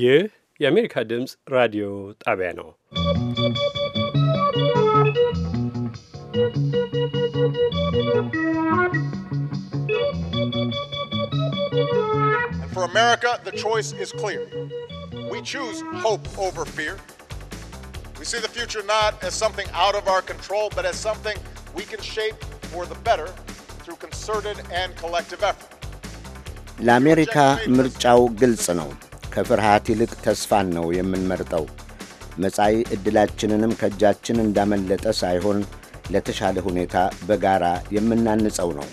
ይህ የአሜሪካ ድምፅ ራዲዮ ጣቢያ ነው። For America, the choice is clear. We choose hope over fear. We see the future not as something out of our control, but as something we can shape for the better through concerted and collective effort. La America ግልጽ ነው። ከፍርሃት ይልቅ ተስፋን ነው የምንመርጠው። መጻኢ ዕድላችንንም ከእጃችን እንዳመለጠ ሳይሆን ለተሻለ ሁኔታ በጋራ የምናንጸው ነው።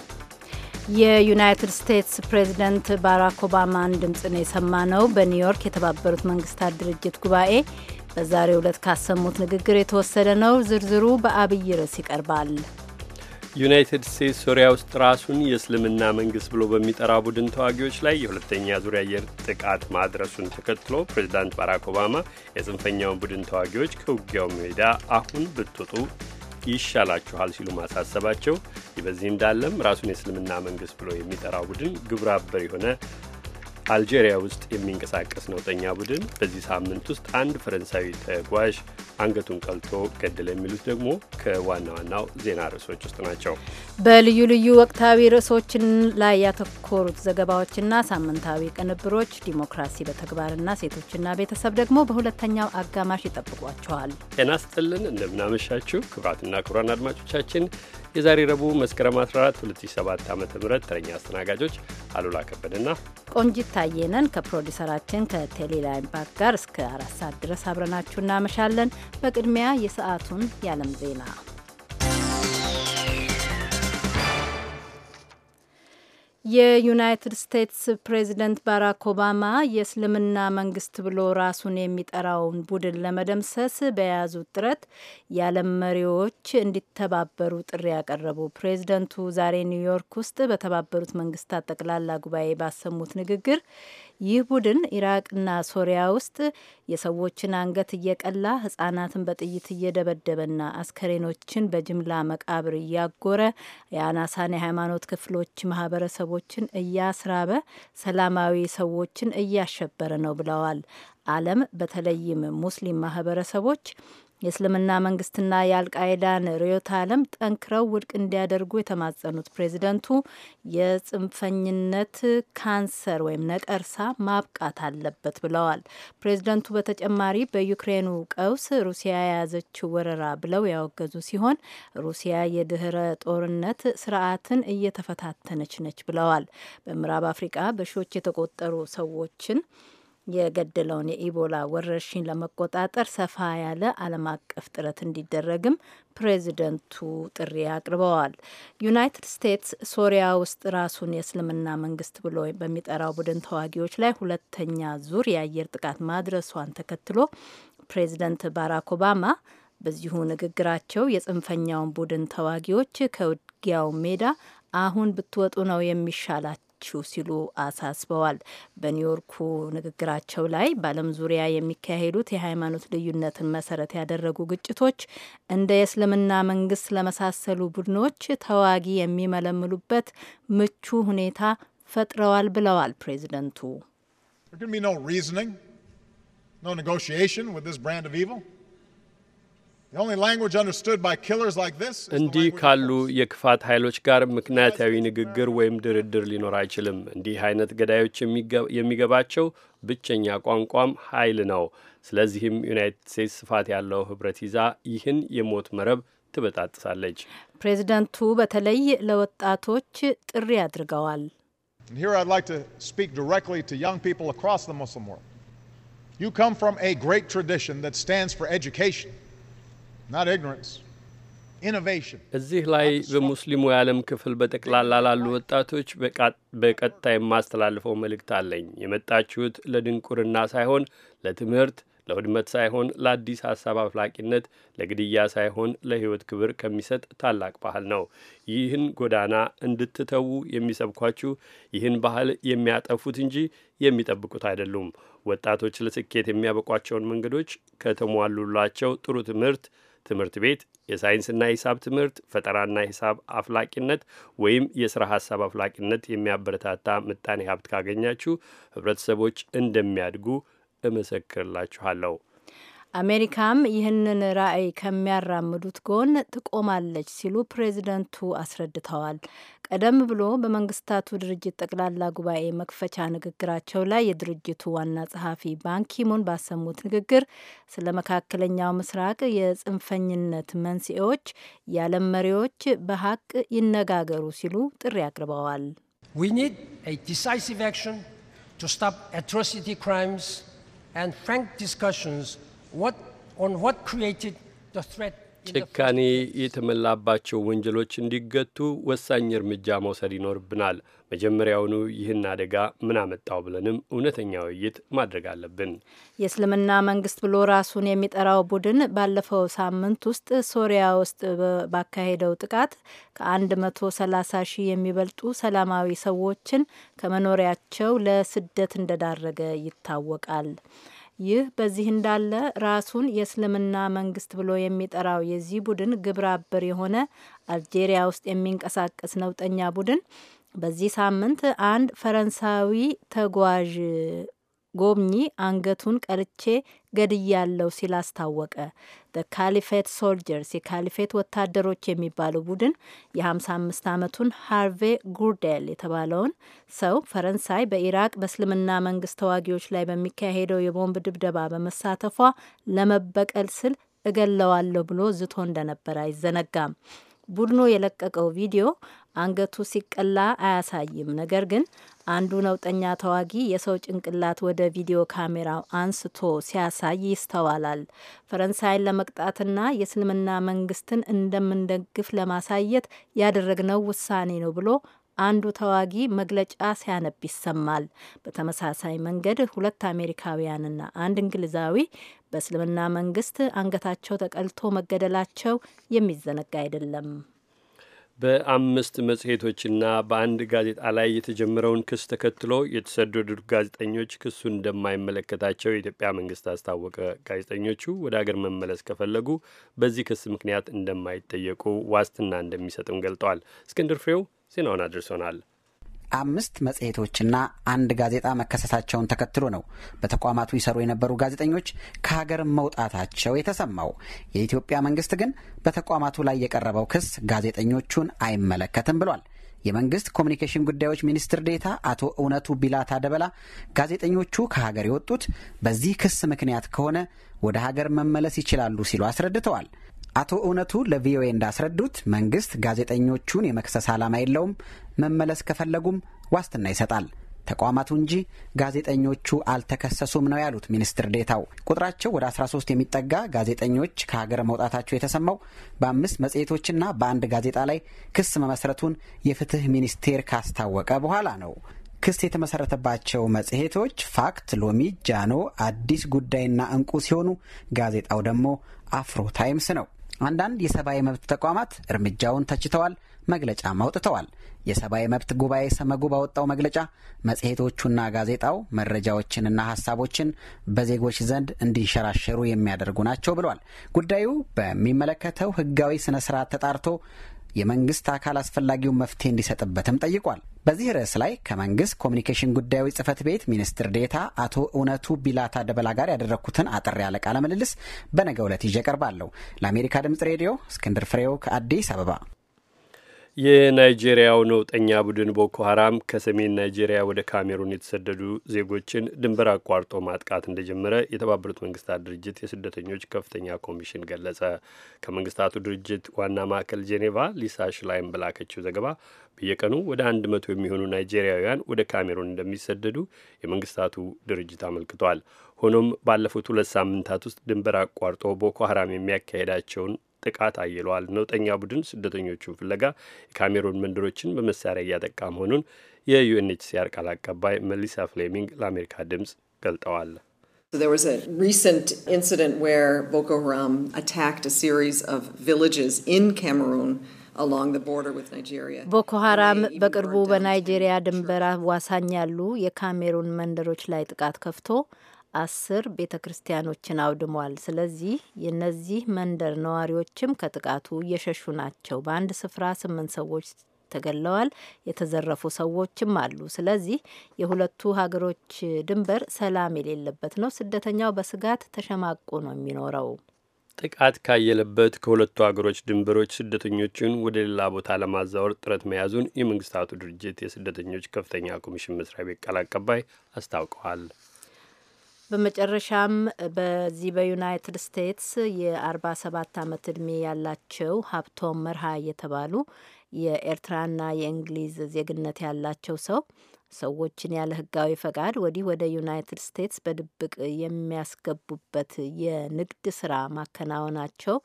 የዩናይትድ ስቴትስ ፕሬዚደንት ባራክ ኦባማን ድምፅ ነው ነው። በኒውዮርክ የተባበሩት መንግስታት ድርጅት ጉባኤ በዛሬው ዕለት ካሰሙት ንግግር የተወሰደ ነው። ዝርዝሩ በአብይ ርዕስ ይቀርባል። ዩናይትድ ስቴትስ ሶሪያ ውስጥ ራሱን የእስልምና መንግስት ብሎ በሚጠራ ቡድን ተዋጊዎች ላይ የሁለተኛ ዙሪያ አየር ጥቃት ማድረሱን ተከትሎ ፕሬዚዳንት ባራክ ኦባማ የጽንፈኛውን ቡድን ተዋጊዎች ከውጊያው ሜዳ አሁን ብትወጡ ይሻላችኋል ሲሉ ማሳሰባቸው። በዚህ እንዳለም ራሱን የእስልምና መንግስት ብሎ የሚጠራው ቡድን ግብረ አበር የሆነ አልጄሪያ ውስጥ የሚንቀሳቀስ ነውጠኛ ቡድን በዚህ ሳምንት ውስጥ አንድ ፈረንሳዊ ተጓዥ አንገቱን ቀልቶ ገደለ የሚሉት ደግሞ ከዋና ዋናው ዜና ርዕሶች ውስጥ ናቸው። በልዩ ልዩ ወቅታዊ ርዕሶች ላይ ያተኮሩት ዘገባዎችና ሳምንታዊ ቅንብሮች ዲሞክራሲ በተግባርና ሴቶችና ቤተሰብ ደግሞ በሁለተኛው አጋማሽ ይጠብቋቸዋል። ጤና ስጥልን፣ እንደምናመሻችሁ ክቡራትና ክቡራን አድማጮቻችን የዛሬ ረቡዕ መስከረም 14 2007 ዓ ም ተረኛ አስተናጋጆች አሉላ ከበደና ቆንጂት ታየነን ከፕሮዲሰራችን ከቴሌላይን ባክ ጋር እስከ አራት ሰዓት ድረስ አብረናችሁ እናመሻለን። በቅድሚያ የሰዓቱን የዓለም ዜና የዩናይትድ ስቴትስ ፕሬዚደንት ባራክ ኦባማ የእስልምና መንግስት ብሎ ራሱን የሚጠራውን ቡድን ለመደምሰስ በያዙት ጥረት የዓለም መሪዎች እንዲተባበሩ ጥሪ ያቀረቡ። ፕሬዚደንቱ ዛሬ ኒውዮርክ ውስጥ በተባበሩት መንግስታት ጠቅላላ ጉባኤ ባሰሙት ንግግር ይህ ቡድን ኢራቅና ሶሪያ ውስጥ የሰዎችን አንገት እየቀላ ህጻናትን በጥይት እየደበደበና አስከሬኖችን በጅምላ መቃብር እያጎረ የአናሳን የሃይማኖት ክፍሎች ማህበረሰቦችን እያስራበ ሰላማዊ ሰዎችን እያሸበረ ነው ብለዋል። ዓለም በተለይም ሙስሊም ማህበረሰቦች የእስልምና መንግስትና የአልቃይዳን ርዕዮተ ዓለም ጠንክረው ውድቅ እንዲያደርጉ የተማጸኑት ፕሬዚደንቱ የጽንፈኝነት ካንሰር ወይም ነቀርሳ ማብቃት አለበት ብለዋል። ፕሬዚደንቱ በተጨማሪ በዩክሬኑ ቀውስ ሩሲያ የያዘችው ወረራ ብለው ያወገዙ ሲሆን ሩሲያ የድህረ ጦርነት ስርዓትን እየተፈታተነች ነች ብለዋል። በምዕራብ አፍሪቃ በሺዎች የተቆጠሩ ሰዎችን የገደለውን የኢቦላ ወረርሽኝ ለመቆጣጠር ሰፋ ያለ ዓለም አቀፍ ጥረት እንዲደረግም ፕሬዚደንቱ ጥሪ አቅርበዋል። ዩናይትድ ስቴትስ ሶሪያ ውስጥ ራሱን የእስልምና መንግስት ብሎ በሚጠራው ቡድን ተዋጊዎች ላይ ሁለተኛ ዙር የአየር ጥቃት ማድረሷን ተከትሎ ፕሬዚደንት ባራክ ኦባማ በዚሁ ንግግራቸው የጽንፈኛውን ቡድን ተዋጊዎች ከውጊያው ሜዳ አሁን ብትወጡ ነው የሚሻላቸው አለችው ሲሉ አሳስበዋል። በኒውዮርኩ ንግግራቸው ላይ በዓለም ዙሪያ የሚካሄዱት የሃይማኖት ልዩነትን መሰረት ያደረጉ ግጭቶች እንደ የእስልምና መንግስት ለመሳሰሉ ቡድኖች ተዋጊ የሚመለምሉበት ምቹ ሁኔታ ፈጥረዋል ብለዋል ፕሬዚደንቱ። እንዲህ ካሉ የክፋት ኃይሎች ጋር ምክንያታዊ ንግግር ወይም ድርድር ሊኖር አይችልም። እንዲህ አይነት ገዳዮች የሚገባቸው ብቸኛ ቋንቋም ኃይል ነው። ስለዚህም ዩናይትድ ስቴትስ ስፋት ያለው ህብረት ይዛ ይህን የሞት መረብ ትበጣጥሳለች። ፕሬዚደንቱ በተለይ ለወጣቶች ጥሪ አድርገዋል። You come from a great tradition that stands for እዚህ ላይ በሙስሊሙ የዓለም ክፍል በጠቅላላ ላሉ ወጣቶች በቀጥታ የማስተላልፈው መልእክት አለኝ። የመጣችሁት ለድንቁርና ሳይሆን ለትምህርት ለውድመት ሳይሆን ለአዲስ ሀሳብ አፍላቂነት፣ ለግድያ ሳይሆን ለሕይወት ክብር ከሚሰጥ ታላቅ ባህል ነው። ይህን ጎዳና እንድትተዉ የሚሰብኳችሁ ይህን ባህል የሚያጠፉት እንጂ የሚጠብቁት አይደሉም። ወጣቶች ለስኬት የሚያበቋቸውን መንገዶች ከተሟሉላቸው ጥሩ ትምህርት ትምህርት ቤት የሳይንስና ሂሳብ ትምህርት ፈጠራና ሂሳብ አፍላቂነት ወይም የሥራ ሀሳብ አፍላቂነት የሚያበረታታ ምጣኔ ሀብት ካገኛችሁ ህብረተሰቦች እንደሚያድጉ እመሰክርላችኋለሁ። አሜሪካም ይህንን ራዕይ ከሚያራምዱት ጎን ትቆማለች ሲሉ ፕሬዚደንቱ አስረድተዋል። ቀደም ብሎ በመንግስታቱ ድርጅት ጠቅላላ ጉባኤ መክፈቻ ንግግራቸው ላይ የድርጅቱ ዋና ጸሐፊ ባንኪሙን ባሰሙት ንግግር ስለ መካከለኛው ምስራቅ የጽንፈኝነት መንስኤዎች የዓለም መሪዎች በሀቅ ይነጋገሩ ሲሉ ጥሪ አቅርበዋል። We need a decisive action to stop atrocity crimes and frank discussions ጭካኔ የተመላባቸው ወንጀሎች እንዲገቱ ወሳኝ እርምጃ መውሰድ ይኖርብናል። መጀመሪያውኑ ይህን አደጋ ምን አመጣው ብለንም እውነተኛ ውይይት ማድረግ አለብን። የእስልምና መንግስት ብሎ ራሱን የሚጠራው ቡድን ባለፈው ሳምንት ውስጥ ሶሪያ ውስጥ ባካሄደው ጥቃት ከ130 ሺህ የሚበልጡ ሰላማዊ ሰዎችን ከመኖሪያቸው ለስደት እንደዳረገ ይታወቃል። ይህ በዚህ እንዳለ ራሱን የእስልምና መንግስት ብሎ የሚጠራው የዚህ ቡድን ግብረ አበር የሆነ አልጄሪያ ውስጥ የሚንቀሳቀስ ነውጠኛ ቡድን በዚህ ሳምንት አንድ ፈረንሳዊ ተጓዥ ጎብኚ አንገቱን ቀልቼ ገድያለው ሲል አስታወቀ። ካሊፌት ሶልጀርስ የካሊፌት ወታደሮች የሚባለው ቡድን የ55 ዓመቱን ሃርቬ ጉርዴል የተባለውን ሰው ፈረንሳይ በኢራቅ በእስልምና መንግስት ተዋጊዎች ላይ በሚካሄደው የቦምብ ድብደባ በመሳተፏ ለመበቀል ስል እገለዋለሁ ብሎ ዝቶ እንደነበር አይዘነጋም። ቡድኑ የለቀቀው ቪዲዮ አንገቱ ሲቀላ አያሳይም። ነገር ግን አንዱ ነውጠኛ ተዋጊ የሰው ጭንቅላት ወደ ቪዲዮ ካሜራው አንስቶ ሲያሳይ ይስተዋላል። ፈረንሳይን ለመቅጣትና የእስልምና መንግስትን እንደምንደግፍ ለማሳየት ያደረግነው ውሳኔ ነው ብሎ አንዱ ተዋጊ መግለጫ ሲያነብ ይሰማል። በተመሳሳይ መንገድ ሁለት አሜሪካውያንና አንድ እንግሊዛዊ በእስልምና መንግስት አንገታቸው ተቀልቶ መገደላቸው የሚዘነጋ አይደለም። በአምስት መጽሔቶችና በአንድ ጋዜጣ ላይ የተጀመረውን ክስ ተከትሎ የተሰደዱ ጋዜጠኞች ክሱ እንደማይመለከታቸው የኢትዮጵያ መንግስት አስታወቀ። ጋዜጠኞቹ ወደ አገር መመለስ ከፈለጉ በዚህ ክስ ምክንያት እንደማይጠየቁ ዋስትና እንደሚሰጥም ገልጠዋል። እስክንድር ፍሬው ዜናውን አድርሶናል። አምስት መጽሔቶችና አንድ ጋዜጣ መከሰሳቸውን ተከትሎ ነው በተቋማቱ ይሰሩ የነበሩ ጋዜጠኞች ከሀገር መውጣታቸው የተሰማው። የኢትዮጵያ መንግስት ግን በተቋማቱ ላይ የቀረበው ክስ ጋዜጠኞቹን አይመለከትም ብሏል። የመንግስት ኮሚኒኬሽን ጉዳዮች ሚኒስትር ዴታ አቶ እውነቱ ቢላታ ደበላ ጋዜጠኞቹ ከሀገር የወጡት በዚህ ክስ ምክንያት ከሆነ ወደ ሀገር መመለስ ይችላሉ ሲሉ አስረድተዋል። አቶ እውነቱ ለቪኦኤ እንዳስረዱት መንግስት ጋዜጠኞቹን የመክሰስ ዓላማ የለውም። መመለስ ከፈለጉም ዋስትና ይሰጣል ተቋማቱ እንጂ ጋዜጠኞቹ አልተከሰሱም ነው ያሉት ሚኒስትር ዴታው። ቁጥራቸው ወደ 13 የሚጠጋ ጋዜጠኞች ከሀገር መውጣታቸው የተሰማው በአምስት መጽሔቶችና በአንድ ጋዜጣ ላይ ክስ መመስረቱን የፍትህ ሚኒስቴር ካስታወቀ በኋላ ነው። ክስ የተመሰረተባቸው መጽሔቶች ፋክት፣ ሎሚ፣ ጃኖ፣ አዲስ ጉዳይና እንቁ ሲሆኑ ጋዜጣው ደግሞ አፍሮ ታይምስ ነው። አንዳንድ የሰብአዊ መብት ተቋማት እርምጃውን ተችተዋል፣ መግለጫም አውጥተዋል። የሰብአዊ መብት ጉባኤ ሰመጉ ባወጣው መግለጫ መጽሔቶቹና ጋዜጣው መረጃዎችንና ሀሳቦችን በዜጎች ዘንድ እንዲንሸራሸሩ የሚያደርጉ ናቸው ብሏል። ጉዳዩ በሚመለከተው ሕጋዊ ስነ ስርዓት ተጣርቶ የመንግስት አካል አስፈላጊውን መፍትሄ እንዲሰጥበትም ጠይቋል። በዚህ ርዕስ ላይ ከመንግስት ኮሚኒኬሽን ጉዳዮች ጽህፈት ቤት ሚኒስትር ዴታ አቶ እውነቱ ቢላታ ደበላ ጋር ያደረግኩትን አጠር ያለ ቃለ ምልልስ በነገ ዕለት ይዤ ቀርባለሁ። ለአሜሪካ ድምጽ ሬዲዮ እስክንድር ፍሬው ከአዲስ አበባ የናይጄሪያው ነውጠኛ ቡድን ቦኮ ሀራም ከሰሜን ናይጄሪያ ወደ ካሜሩን የተሰደዱ ዜጎችን ድንበር አቋርጦ ማጥቃት እንደጀመረ የተባበሩት መንግስታት ድርጅት የስደተኞች ከፍተኛ ኮሚሽን ገለጸ። ከመንግስታቱ ድርጅት ዋና ማዕከል ጄኔቫ ሊሳ ሽላይን በላከችው ዘገባ በየቀኑ ወደ አንድ መቶ የሚሆኑ ናይጄሪያውያን ወደ ካሜሩን እንደሚሰደዱ የመንግስታቱ ድርጅት አመልክቷል። ሆኖም ባለፉት ሁለት ሳምንታት ውስጥ ድንበር አቋርጦ ቦኮ ሀራም የሚያካሄዳቸውን ጥቃት አይሏል። ነውጠኛ ቡድን ስደተኞቹን ፍለጋ የካሜሩን መንደሮችን በመሳሪያ እያጠቃ መሆኑን የዩኤንኤችሲአር ቃል አቀባይ መሊሳ ፍሌሚንግ ለአሜሪካ ድምፅ ገልጠዋል። There was a recent incident where Boko Haram attacked a series of villages in Cameroon. ቦኮ ሀራም በቅርቡ በናይጄሪያ ድንበር አዋሳኝ ያሉ የካሜሩን መንደሮች ላይ ጥቃት ከፍቶ አስር ቤተ ክርስቲያኖችን አውድሟል። ስለዚህ የነዚህ መንደር ነዋሪዎችም ከጥቃቱ እየሸሹ ናቸው። በአንድ ስፍራ ስምንት ሰዎች ተገለዋል። የተዘረፉ ሰዎችም አሉ። ስለዚህ የሁለቱ ሀገሮች ድንበር ሰላም የሌለበት ነው። ስደተኛው በስጋት ተሸማቆ ነው የሚኖረው። ጥቃት ካየለበት ከሁለቱ ሀገሮች ድንበሮች ስደተኞችን ወደ ሌላ ቦታ ለማዛወር ጥረት መያዙን የመንግስታቱ ድርጅት የስደተኞች ከፍተኛ ኮሚሽን መስሪያ ቤት ቃል አቀባይ አስታውቀዋል። በመጨረሻም በዚህ በዩናይትድ ስቴትስ የ47 ዓመት ዕድሜ ያላቸው ሀብቶም መርሃ የተባሉ የኤርትራና የእንግሊዝ ዜግነት ያላቸው ሰው ሰዎችን ያለ ሕጋዊ ፈቃድ ወዲህ ወደ ዩናይትድ ስቴትስ በድብቅ የሚያስገቡበት የንግድ ስራ ማከናወናቸው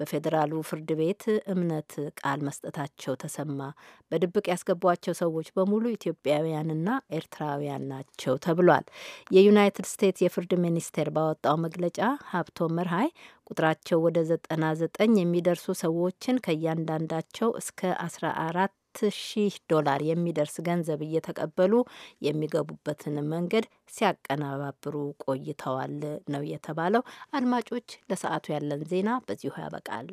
በፌዴራሉ ፍርድ ቤት እምነት ቃል መስጠታቸው ተሰማ። በድብቅ ያስገቧቸው ሰዎች በሙሉ ኢትዮጵያውያንና ኤርትራውያን ናቸው ተብሏል። የዩናይትድ ስቴትስ የፍርድ ሚኒስቴር ባወጣው መግለጫ ሀብቶ መርሃይ ቁጥራቸው ወደ ዘጠና ዘጠኝ የሚደርሱ ሰዎችን ከእያንዳንዳቸው እስከ አስራ አራት አራት ሺህ ዶላር የሚደርስ ገንዘብ እየተቀበሉ የሚገቡበትን መንገድ ሲያቀነባብሩ ቆይተዋል ነው የተባለው። አድማጮች፣ ለሰዓቱ ያለን ዜና በዚሁ ያበቃል።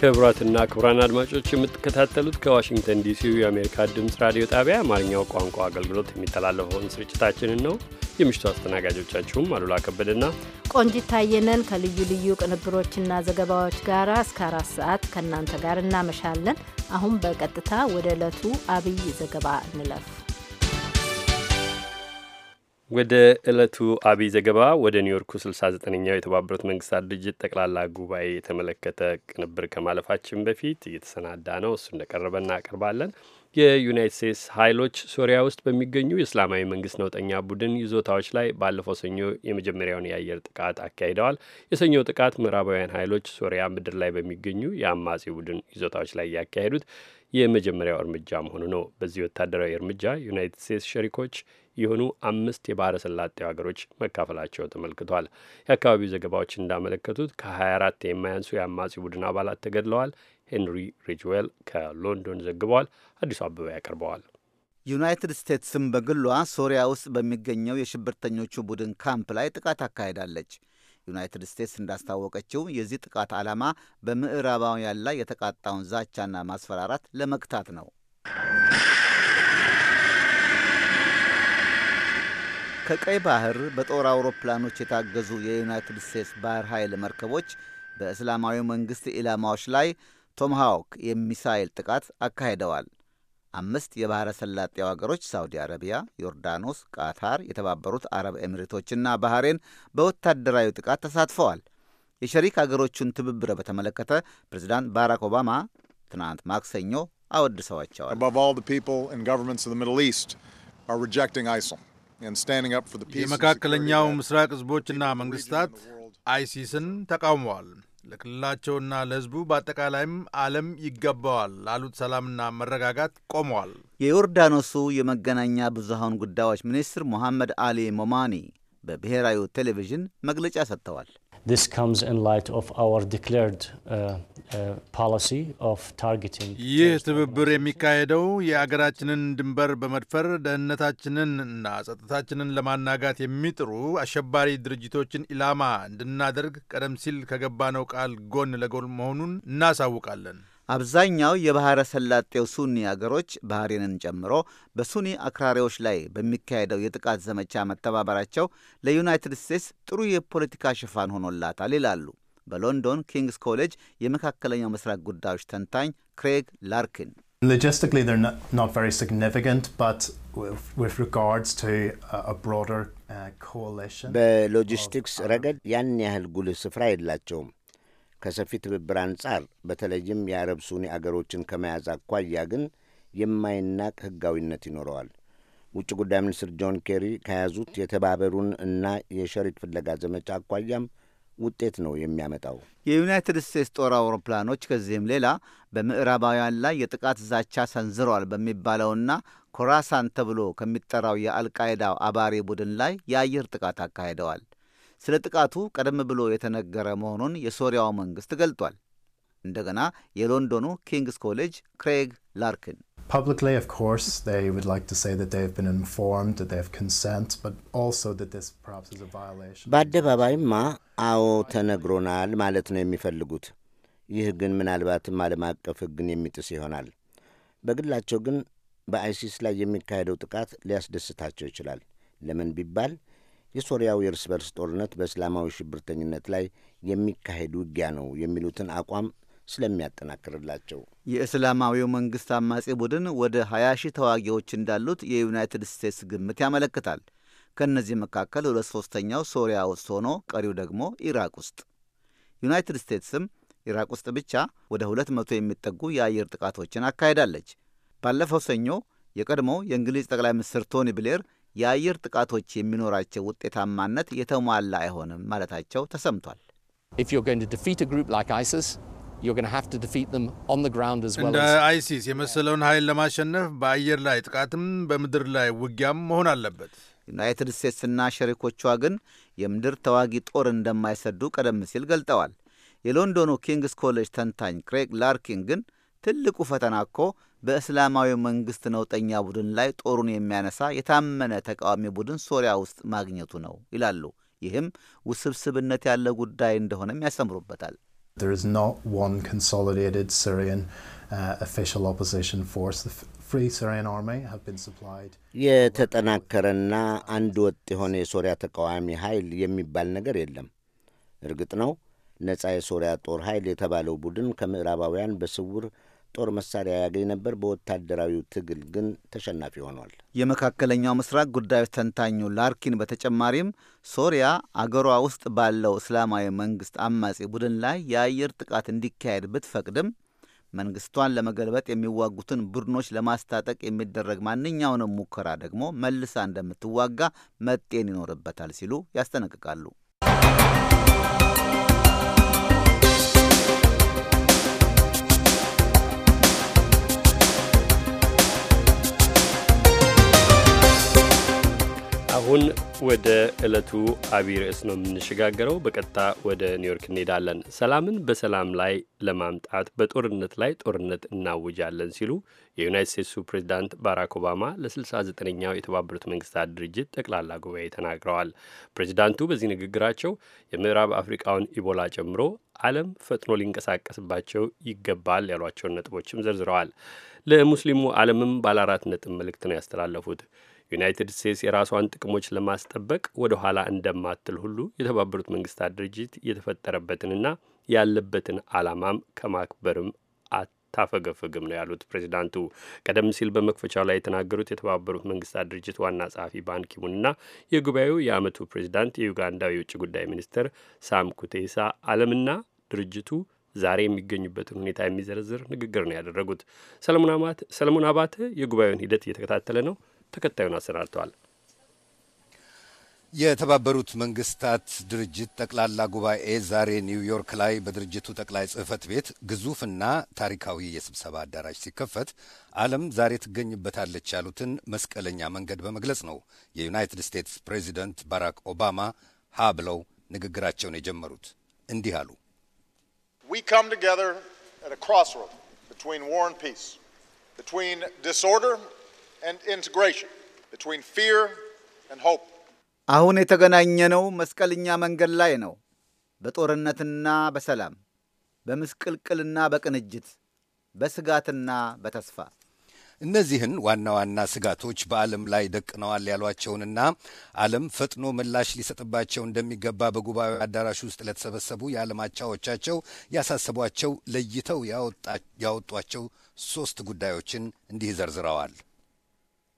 ክቡራትና ክቡራን አድማጮች የምትከታተሉት ከዋሽንግተን ዲሲ የአሜሪካ ድምፅ ራዲዮ ጣቢያ አማርኛው ቋንቋ አገልግሎት የሚተላለፈውን ስርጭታችንን ነው። የምሽቱ አስተናጋጆቻችሁም አሉላ ከበደና ቆንጂት ታየነን ከልዩ ልዩ ቅንብሮችና ዘገባዎች ጋር እስከ አራት ሰዓት ከእናንተ ጋር እናመሻለን። አሁን በቀጥታ ወደ ዕለቱ አብይ ዘገባ እንለፍ። ወደ ዕለቱ አብይ ዘገባ ወደ ኒውዮርኩ 69ኛው የተባበሩት መንግስታት ድርጅት ጠቅላላ ጉባኤ የተመለከተ ቅንብር ከማለፋችን በፊት እየተሰናዳ ነው። እሱ እንደቀረበ እናቀርባለን። የዩናይት ስቴትስ ኃይሎች ሶሪያ ውስጥ በሚገኙ የእስላማዊ መንግስት ነውጠኛ ቡድን ይዞታዎች ላይ ባለፈው ሰኞ የመጀመሪያውን የአየር ጥቃት አካሂደዋል። የሰኞው ጥቃት ምዕራባውያን ኃይሎች ሶሪያ ምድር ላይ በሚገኙ የአማጺ ቡድን ይዞታዎች ላይ ያካሄዱት የመጀመሪያው እርምጃ መሆኑ ነው። በዚህ ወታደራዊ እርምጃ ዩናይትድ ስቴትስ ሸሪኮች የሆኑ አምስት የባህረ ሰላጤው ሀገሮች መካፈላቸው ተመልክቷል። የአካባቢው ዘገባዎች እንዳመለከቱት ከ24 የማያንሱ የአማጺ ቡድን አባላት ተገድለዋል። ሄንሪ ሪጅዌል ከሎንዶን ዘግበዋል። አዲሱ አበባ ያቀርበዋል። ዩናይትድ ስቴትስም በግሏ ሶሪያ ውስጥ በሚገኘው የሽብርተኞቹ ቡድን ካምፕ ላይ ጥቃት አካሄዳለች። ዩናይትድ ስቴትስ እንዳስታወቀችው የዚህ ጥቃት ዓላማ በምዕራባውያን ላይ የተቃጣውን ዛቻና ማስፈራራት ለመግታት ነው። ከቀይ ባህር በጦር አውሮፕላኖች የታገዙ የዩናይትድ ስቴትስ ባህር ኃይል መርከቦች በእስላማዊ መንግሥት ኢላማዎች ላይ ቶምሃውክ የሚሳይል ጥቃት አካሂደዋል። አምስት የባሕረ ሰላጤው አገሮች ሳውዲ አረቢያ፣ ዮርዳኖስ፣ ቃታር፣ የተባበሩት አረብ ኤሚሬቶችና ባህሬን በወታደራዊ ጥቃት ተሳትፈዋል። የሸሪክ አገሮቹን ትብብር በተመለከተ ፕሬዚዳንት ባራክ ኦባማ ትናንት ማክሰኞ አወድሰዋቸዋል። የመካከለኛው ምስራቅ ህዝቦችና መንግስታት አይሲስን ተቃውመዋል። ለክልላቸውና ለህዝቡ በአጠቃላይም ዓለም ይገባዋል ላሉት ሰላምና መረጋጋት ቆመዋል። የዮርዳኖሱ የመገናኛ ብዙሃን ጉዳዮች ሚኒስትር ሞሐመድ አሊ ሞማኒ በብሔራዊ ቴሌቪዥን መግለጫ ሰጥተዋል። ይህ ትብብር የሚካሄደው የአገራችንን ድንበር በመድፈር ደህንነታችንን እና ጸጥታችንን ለማናጋት የሚጥሩ አሸባሪ ድርጅቶችን ኢላማ እንድናደርግ ቀደም ሲል ከገባነው ቃል ጎን ለጎን መሆኑን እናሳውቃለን። አብዛኛው የባሕረ ሰላጤው ሱኒ አገሮች ባህሬንን ጨምሮ በሱኒ አክራሪዎች ላይ በሚካሄደው የጥቃት ዘመቻ መተባበራቸው ለዩናይትድ ስቴትስ ጥሩ የፖለቲካ ሽፋን ሆኖላታል ይላሉ በሎንዶን ኪንግስ ኮሌጅ የመካከለኛው ምስራቅ ጉዳዮች ተንታኝ ክሬግ ላርኪን። Logistically, they're not, not very significant, but with, with regards to a, a broader uh, coalition. በሎጂስቲክስ ረገድ ያን ያህል ጉልህ ስፍራ የላቸውም። ከሰፊ ትብብር አንጻር በተለይም የአረብ ሱኒ አገሮችን ከመያዝ አኳያ ግን የማይናቅ ሕጋዊነት ይኖረዋል። ውጭ ጉዳይ ሚኒስትር ጆን ኬሪ ከያዙት የተባበሩን እና የሸሪክ ፍለጋ ዘመቻ አኳያም ውጤት ነው የሚያመጣው። የዩናይትድ ስቴትስ ጦር አውሮፕላኖች ከዚህም ሌላ በምዕራባውያን ላይ የጥቃት ዛቻ ሰንዝረዋል በሚባለውና ኮራሳን ተብሎ ከሚጠራው የአልቃይዳው አባሪ ቡድን ላይ የአየር ጥቃት አካሂደዋል። ስለ ጥቃቱ ቀደም ብሎ የተነገረ መሆኑን የሶሪያው መንግስት ገልጧል። እንደገና የሎንዶኑ ኪንግስ ኮሌጅ ክሬግ ላርክን በአደባባይማ አዎ ተነግሮናል ማለት ነው የሚፈልጉት። ይህ ግን ምናልባትም ዓለም አቀፍ ሕግን የሚጥስ ይሆናል። በግላቸው ግን በአይሲስ ላይ የሚካሄደው ጥቃት ሊያስደስታቸው ይችላል። ለምን ቢባል የሶሪያው የእርስ በርስ ጦርነት በእስላማዊ ሽብርተኝነት ላይ የሚካሄድ ውጊያ ነው የሚሉትን አቋም ስለሚያጠናክርላቸው የእስላማዊው መንግሥት አማጺ ቡድን ወደ 20 ሺህ ተዋጊዎች እንዳሉት የዩናይትድ ስቴትስ ግምት ያመለክታል። ከእነዚህ መካከል ሁለት ሦስተኛው ሶሪያ ውስጥ ሆኖ ቀሪው ደግሞ ኢራቅ ውስጥ። ዩናይትድ ስቴትስም ኢራቅ ውስጥ ብቻ ወደ ሁለት መቶ የሚጠጉ የአየር ጥቃቶችን አካሄዳለች። ባለፈው ሰኞ የቀድሞው የእንግሊዝ ጠቅላይ ሚኒስትር ቶኒ ብሌር የአየር ጥቃቶች የሚኖራቸው ውጤታማነት የተሟላ አይሆንም ማለታቸው ተሰምቷል። እንደ አይሲስ የመሰለውን ኃይል ለማሸነፍ በአየር ላይ ጥቃትም በምድር ላይ ውጊያም መሆን አለበት። ዩናይትድ ስቴትስና ሸሪኮቿ ግን የምድር ተዋጊ ጦር እንደማይሰዱ ቀደም ሲል ገልጠዋል። የሎንዶኑ ኪንግስ ኮሌጅ ተንታኝ ክሬግ ላርኪን ግን ትልቁ ፈተና እኮ በእስላማዊ መንግስት ነውጠኛ ቡድን ላይ ጦሩን የሚያነሳ የታመነ ተቃዋሚ ቡድን ሶሪያ ውስጥ ማግኘቱ ነው ይላሉ። ይህም ውስብስብነት ያለ ጉዳይ እንደሆነም ያሰምሩበታል። uh, የተጠናከረና አንድ ወጥ የሆነ የሶሪያ ተቃዋሚ ኃይል የሚባል ነገር የለም። እርግጥ ነው ነጻ የሶሪያ ጦር ኃይል የተባለው ቡድን ከምዕራባውያን በስውር ጦር መሳሪያ ያገኝ ነበር። በወታደራዊው ትግል ግን ተሸናፊ ሆኗል። የመካከለኛው ምስራቅ ጉዳዮች ተንታኙ ላርኪን በተጨማሪም ሶሪያ አገሯ ውስጥ ባለው እስላማዊ መንግስት አማጺ ቡድን ላይ የአየር ጥቃት እንዲካሄድ ብትፈቅድም መንግስቷን ለመገልበጥ የሚዋጉትን ቡድኖች ለማስታጠቅ የሚደረግ ማንኛውንም ሙከራ ደግሞ መልሳ እንደምትዋጋ መጤን ይኖርበታል ሲሉ ያስጠነቅቃሉ። አሁን ወደ ዕለቱ አቢይ ርዕስ ነው የምንሸጋገረው። በቀጥታ ወደ ኒውዮርክ እንሄዳለን። ሰላምን በሰላም ላይ ለማምጣት በጦርነት ላይ ጦርነት እናውጃለን ሲሉ የዩናይት ስቴትሱ ፕሬዚዳንት ባራክ ኦባማ ለ69ኛው የተባበሩት መንግስታት ድርጅት ጠቅላላ ጉባኤ ተናግረዋል። ፕሬዚዳንቱ በዚህ ንግግራቸው የምዕራብ አፍሪቃውን ኢቦላ ጨምሮ ዓለም ፈጥኖ ሊንቀሳቀስባቸው ይገባል ያሏቸውን ነጥቦችም ዘርዝረዋል። ለሙስሊሙ ዓለምም ባለ አራት ነጥብ መልእክት ነው ያስተላለፉት። ዩናይትድ ስቴትስ የራሷን ጥቅሞች ለማስጠበቅ ወደ ኋላ እንደማትል ሁሉ የተባበሩት መንግስታት ድርጅት የተፈጠረበትንና ያለበትን ዓላማም ከማክበርም አታፈገፍግም ነው ያሉት ፕሬዚዳንቱ። ቀደም ሲል በመክፈቻው ላይ የተናገሩት የተባበሩት መንግስታት ድርጅት ዋና ጸሐፊ ባንኪሙንና የጉባኤው የአመቱ ፕሬዚዳንት የዩጋንዳው የውጭ ጉዳይ ሚኒስትር ሳም ኩቴሳ ዓለምና ድርጅቱ ዛሬ የሚገኙበትን ሁኔታ የሚዘረዝር ንግግር ነው ያደረጉት። ሰለሞን አባተ የጉባኤውን ሂደት እየተከታተለ ነው። ተከታዩን አሰናድተዋል። የተባበሩት መንግስታት ድርጅት ጠቅላላ ጉባኤ ዛሬ ኒውዮርክ ላይ በድርጅቱ ጠቅላይ ጽህፈት ቤት ግዙፍና ታሪካዊ የስብሰባ አዳራሽ ሲከፈት ዓለም ዛሬ ትገኝበታለች ያሉትን መስቀለኛ መንገድ በመግለጽ ነው የዩናይትድ ስቴትስ ፕሬዚደንት ባራክ ኦባማ ሀ ብለው ንግግራቸውን የጀመሩት። እንዲህ አሉ። ዊ and integration, between fear and hope. አሁን የተገናኘነው መስቀልኛ መንገድ ላይ ነው። በጦርነትና በሰላም፣ በምስቅልቅልና በቅንጅት፣ በስጋትና በተስፋ እነዚህን ዋና ዋና ስጋቶች በዓለም ላይ ደቅነዋል ያሏቸውንና ዓለም ፈጥኖ ምላሽ ሊሰጥባቸው እንደሚገባ በጉባኤ አዳራሽ ውስጥ ለተሰበሰቡ የዓለም አቻዎቻቸው ያሳሰቧቸው ለይተው ያወጧቸው ሶስት ጉዳዮችን እንዲህ ዘርዝረዋል።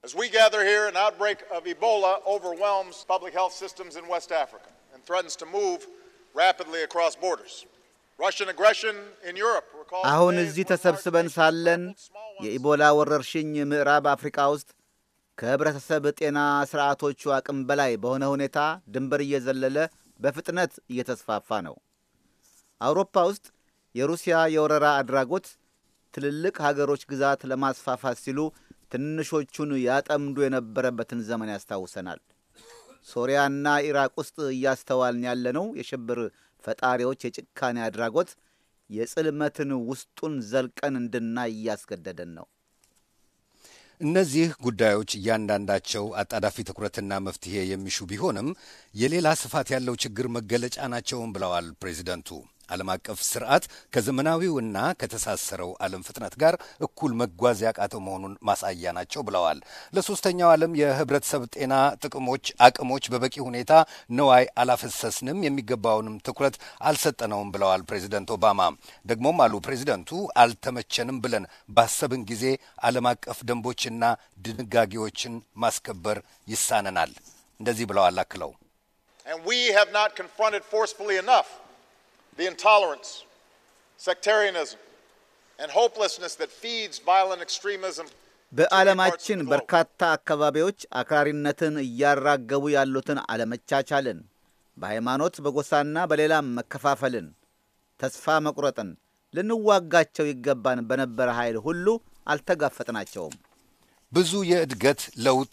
As we gather here, an outbreak of Ebola overwhelms public health systems in West Africa and threatens to move rapidly across borders. Russian aggression in Europe. አሁን እዚህ ተሰብስበን ሳለን የኢቦላ ወረርሽኝ ምዕራብ አፍሪካ ውስጥ ከህብረተሰብ ጤና ስርዓቶቹ አቅም በላይ በሆነ ሁኔታ ድንበር እየዘለለ በፍጥነት እየተስፋፋ ነው። አውሮፓ ውስጥ የሩሲያ የወረራ አድራጎት ትልልቅ ሀገሮች ግዛት ለማስፋፋት ሲሉ ትንሾቹን ያጠምዱ የነበረበትን ዘመን ያስታውሰናል። ሶሪያና ኢራቅ ውስጥ እያስተዋልን ያለነው የሽብር ፈጣሪዎች የጭካኔ አድራጎት የጽልመትን ውስጡን ዘልቀን እንድናይ እያስገደደን ነው። እነዚህ ጉዳዮች እያንዳንዳቸው አጣዳፊ ትኩረትና መፍትሄ የሚሹ ቢሆንም የሌላ ስፋት ያለው ችግር መገለጫ ናቸውም ብለዋል ፕሬዚደንቱ። ዓለም አቀፍ ስርዓት ከዘመናዊውና ከተሳሰረው ዓለም ፍጥነት ጋር እኩል መጓዝ ያቃተው መሆኑን ማሳያ ናቸው ብለዋል። ለሶስተኛው ዓለም የህብረተሰብ ጤና ጥቅሞች፣ አቅሞች በበቂ ሁኔታ ነዋይ አላፈሰስንም፣ የሚገባውንም ትኩረት አልሰጠነውም ብለዋል ፕሬዚደንት ኦባማ። ደግሞም አሉ ፕሬዚደንቱ አልተመቸንም ብለን ባሰብን ጊዜ ዓለም አቀፍ ደንቦችና ድንጋጌዎችን ማስከበር ይሳነናል። እንደዚህ ብለዋል አክለው the intolerance, sectarianism, and hopelessness that feeds violent extremism በዓለማችን በርካታ አካባቢዎች አክራሪነትን እያራገቡ ያሉትን አለመቻቻልን፣ በሃይማኖት በጎሳና በሌላም መከፋፈልን፣ ተስፋ መቁረጥን ልንዋጋቸው ይገባን በነበረ ኃይል ሁሉ አልተጋፈጥናቸውም። ብዙ የእድገት ለውጥ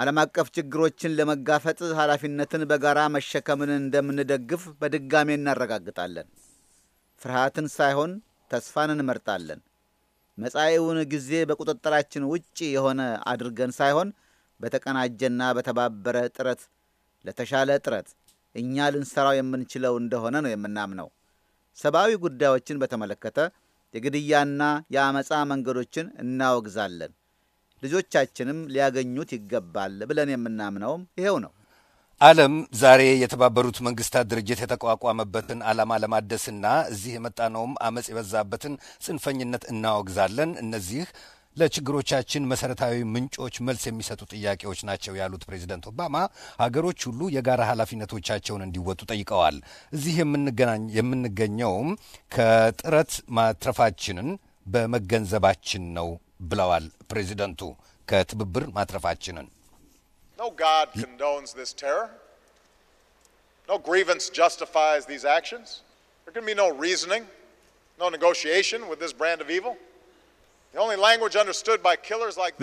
ዓለም አቀፍ ችግሮችን ለመጋፈጥ ኃላፊነትን በጋራ መሸከምን እንደምንደግፍ በድጋሜ እናረጋግጣለን። ፍርሃትን ሳይሆን ተስፋን እንመርጣለን። መጻኤውን ጊዜ በቁጥጥራችን ውጭ የሆነ አድርገን ሳይሆን በተቀናጀና በተባበረ ጥረት ለተሻለ ጥረት እኛ ልንሠራው የምንችለው እንደሆነ ነው የምናምነው። ሰብአዊ ጉዳዮችን በተመለከተ የግድያና የአመፃ መንገዶችን እናወግዛለን። ልጆቻችንም ሊያገኙት ይገባል ብለን የምናምነውም ይኸው ነው። ዓለም ዛሬ የተባበሩት መንግስታት ድርጅት የተቋቋመበትን ዓላማ ለማደስና እዚህ የመጣነውም አመፅ የበዛበትን ጽንፈኝነት እናወግዛለን። እነዚህ ለችግሮቻችን መሰረታዊ ምንጮች መልስ የሚሰጡ ጥያቄዎች ናቸው ያሉት ፕሬዚደንት ኦባማ ሀገሮች ሁሉ የጋራ ኃላፊነቶቻቸውን እንዲወጡ ጠይቀዋል። እዚህ የምንገኘውም ከጥረት ማትረፋችንን በመገንዘባችን ነው ብለዋል ፕሬዚደንቱ ከትብብር ማትረፋችንን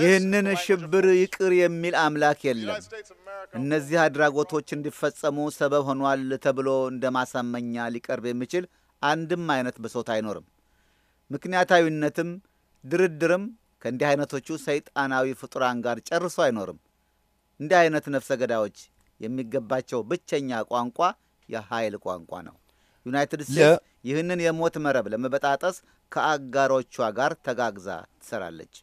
ይህንን ሽብር ይቅር የሚል አምላክ የለም። እነዚህ አድራጎቶች እንዲፈጸሙ ሰበብ ሆኗል ተብሎ እንደ ማሳመኛ ሊቀርብ የሚችል አንድም አይነት ብሶት አይኖርም። ምክንያታዊነትም ድርድርም ከእንዲህ አይነቶቹ ሰይጣናዊ ፍጡራን ጋር ጨርሶ አይኖርም። እንዲህ አይነት ነፍሰ ገዳዮች የሚገባቸው ብቸኛ ቋንቋ የኃይል ቋንቋ ነው። ዩናይትድ ስቴትስ ይህንን የሞት መረብ ለመበጣጠስ ከአጋሮቿ ጋር ተጋግዛ ትሰራለች።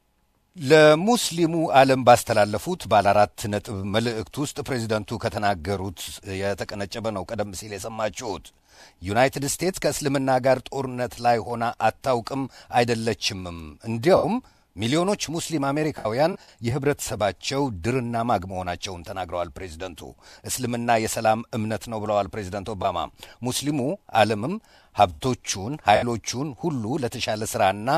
ለሙስሊሙ ዓለም ባስተላለፉት ባለ አራት ነጥብ መልእክት ውስጥ ፕሬዚደንቱ ከተናገሩት የተቀነጨበ ነው ቀደም ሲል የሰማችሁት። ዩናይትድ ስቴትስ ከእስልምና ጋር ጦርነት ላይ ሆና አታውቅም፣ አይደለችምም። እንዲያውም ሚሊዮኖች ሙስሊም አሜሪካውያን የህብረተሰባቸው ድርና ማግ መሆናቸውን ተናግረዋል ፕሬዚደንቱ። እስልምና የሰላም እምነት ነው ብለዋል ፕሬዚደንት ኦባማ። ሙስሊሙ ዓለምም ሀብቶቹን፣ ኃይሎቹን ሁሉ ለተሻለ ስራና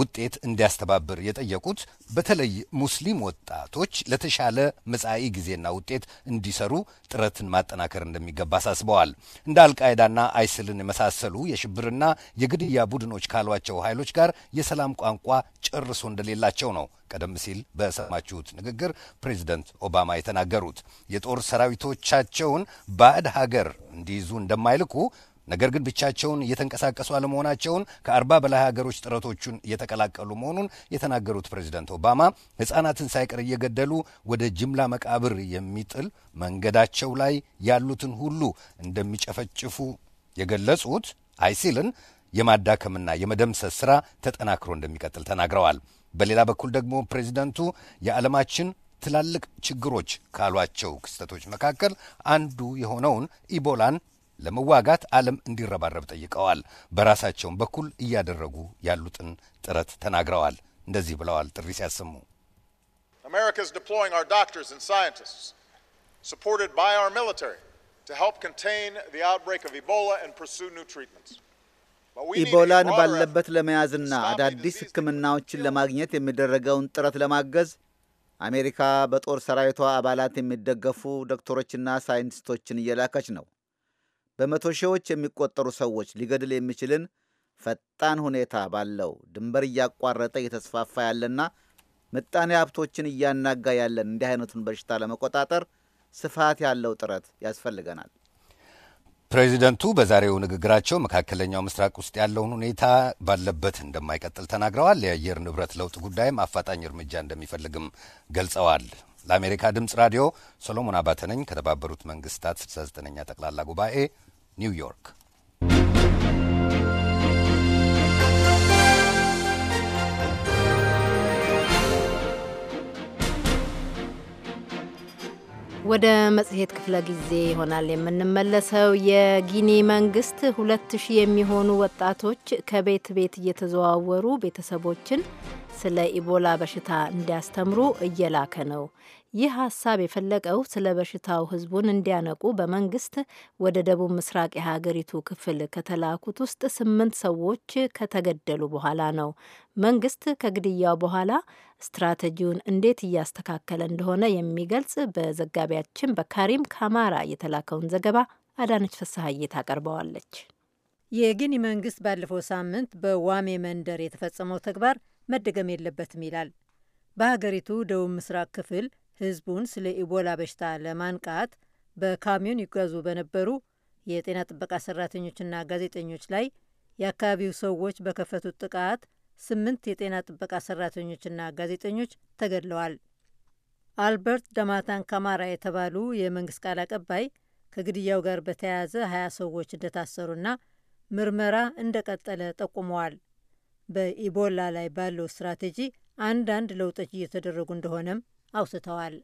ውጤት እንዲያስተባብር የጠየቁት በተለይ ሙስሊም ወጣቶች ለተሻለ መጻኢ ጊዜና ውጤት እንዲሰሩ ጥረትን ማጠናከር እንደሚገባ አሳስበዋል። እንደ አልቃይዳና አይስልን የመሳሰሉ የሽብርና የግድያ ቡድኖች ካሏቸው ኃይሎች ጋር የሰላም ቋንቋ ጨርሶ እንደሌላቸው ነው ቀደም ሲል በሰማችሁት ንግግር ፕሬዚደንት ኦባማ የተናገሩት። የጦር ሰራዊቶቻቸውን ባዕድ ሀገር እንዲይዙ እንደማይልኩ ነገር ግን ብቻቸውን እየተንቀሳቀሱ አለመሆናቸውን ከአርባ በላይ ሀገሮች ጥረቶቹን እየተቀላቀሉ መሆኑን የተናገሩት ፕሬዚደንት ኦባማ ሕጻናትን ሳይቀር እየገደሉ ወደ ጅምላ መቃብር የሚጥል መንገዳቸው ላይ ያሉትን ሁሉ እንደሚጨፈጭፉ የገለጹት አይሲልን የማዳከምና የመደምሰስ ስራ ተጠናክሮ እንደሚቀጥል ተናግረዋል። በሌላ በኩል ደግሞ ፕሬዚደንቱ የዓለማችን ትላልቅ ችግሮች ካሏቸው ክስተቶች መካከል አንዱ የሆነውን ኢቦላን ለመዋጋት ዓለም እንዲረባረብ ጠይቀዋል። በራሳቸውም በኩል እያደረጉ ያሉትን ጥረት ተናግረዋል። እንደዚህ ብለዋል ጥሪ ሲያሰሙ ኢቦላን ባለበት ለመያዝና አዳዲስ ሕክምናዎችን ለማግኘት የሚደረገውን ጥረት ለማገዝ አሜሪካ በጦር ሰራዊቷ አባላት የሚደገፉ ዶክተሮችና ሳይንቲስቶችን እየላከች ነው። በመቶ ሺዎች የሚቆጠሩ ሰዎች ሊገድል የሚችልን ፈጣን ሁኔታ ባለው ድንበር እያቋረጠ እየተስፋፋ ያለና ምጣኔ ሀብቶችን እያናጋ ያለን እንዲህ አይነቱን በሽታ ለመቆጣጠር ስፋት ያለው ጥረት ያስፈልገናል። ፕሬዚደንቱ በዛሬው ንግግራቸው መካከለኛው ምስራቅ ውስጥ ያለውን ሁኔታ ባለበት እንደማይቀጥል ተናግረዋል። የአየር ንብረት ለውጥ ጉዳይም አፋጣኝ እርምጃ እንደሚፈልግም ገልጸዋል። ለአሜሪካ ድምፅ ራዲዮ አባተ አባተነኝ ከተባበሩት መንግስታት 69ኛ ጠቅላላ ጉባኤ ኒውዮርክ። ወደ መጽሔት ክፍለ ጊዜ ይሆናል የምንመለሰው። የጊኒ መንግስት ሁለት ሺህ የሚሆኑ ወጣቶች ከቤት ቤት እየተዘዋወሩ ቤተሰቦችን ስለ ኢቦላ በሽታ እንዲያስተምሩ እየላከ ነው። ይህ ሀሳብ የፈለቀው ስለ በሽታው ህዝቡን እንዲያነቁ በመንግስት ወደ ደቡብ ምስራቅ የሀገሪቱ ክፍል ከተላኩት ውስጥ ስምንት ሰዎች ከተገደሉ በኋላ ነው። መንግስት ከግድያው በኋላ ስትራቴጂውን እንዴት እያስተካከለ እንደሆነ የሚገልጽ በዘጋቢያችን በካሪም ካማራ የተላከውን ዘገባ አዳነች ፍስሀዬ ታቀርበዋለች። የጊኒ መንግስት ባለፈው ሳምንት በዋሜ መንደር የተፈጸመው ተግባር መደገም የለበትም ይላል። በሀገሪቱ ደቡብ ምስራቅ ክፍል ህዝቡን ስለ ኢቦላ በሽታ ለማንቃት በካሚዮን ይጓዙ በነበሩ የጤና ጥበቃ ሰራተኞችና ጋዜጠኞች ላይ የአካባቢው ሰዎች በከፈቱት ጥቃት ስምንት የጤና ጥበቃ ሰራተኞችና ጋዜጠኞች ተገድለዋል። አልበርት ደማታን ካማራ የተባሉ የመንግስት ቃል አቀባይ ከግድያው ጋር በተያያዘ ሀያ ሰዎች እንደታሰሩና ምርመራ እንደቀጠለ ጠቁመዋል። በኢቦላ ላይ ባለው ስትራቴጂ አንዳንድ ለውጦች እየተደረጉ እንደሆነም አውስተዋል።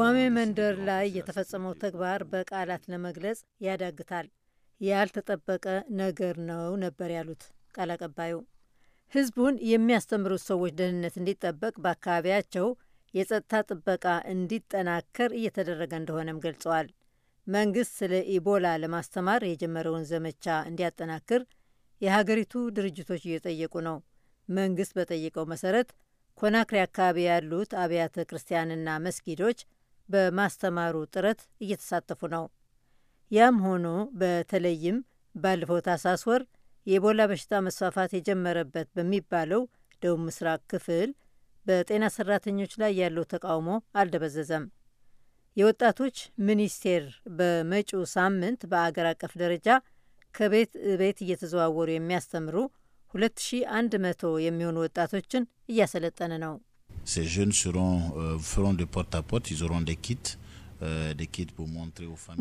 ዋሜ መንደር ላይ የተፈጸመው ተግባር በቃላት ለመግለጽ ያዳግታል፣ ያልተጠበቀ ነገር ነው ነበር ያሉት ቃል አቀባዩ። ህዝቡን የሚያስተምሩት ሰዎች ደህንነት እንዲጠበቅ በአካባቢያቸው የጸጥታ ጥበቃ እንዲጠናከር እየተደረገ እንደሆነም ገልጸዋል። መንግስት ስለ ኢቦላ ለማስተማር የጀመረውን ዘመቻ እንዲያጠናክር የሀገሪቱ ድርጅቶች እየጠየቁ ነው። መንግስት በጠየቀው መሰረት ኮናክሪ አካባቢ ያሉት አብያተ ክርስቲያንና መስጊዶች በማስተማሩ ጥረት እየተሳተፉ ነው። ያም ሆኖ በተለይም ባለፈው ታህሳስ ወር የኢቦላ በሽታ መስፋፋት የጀመረበት በሚባለው ደቡብ ምስራቅ ክፍል በጤና ሰራተኞች ላይ ያለው ተቃውሞ አልደበዘዘም። የወጣቶች ሚኒስቴር በመጪው ሳምንት በአገር አቀፍ ደረጃ ከቤት ቤት እየተዘዋወሩ የሚያስተምሩ 2100 የሚሆኑ ወጣቶችን እያሰለጠነ ነው።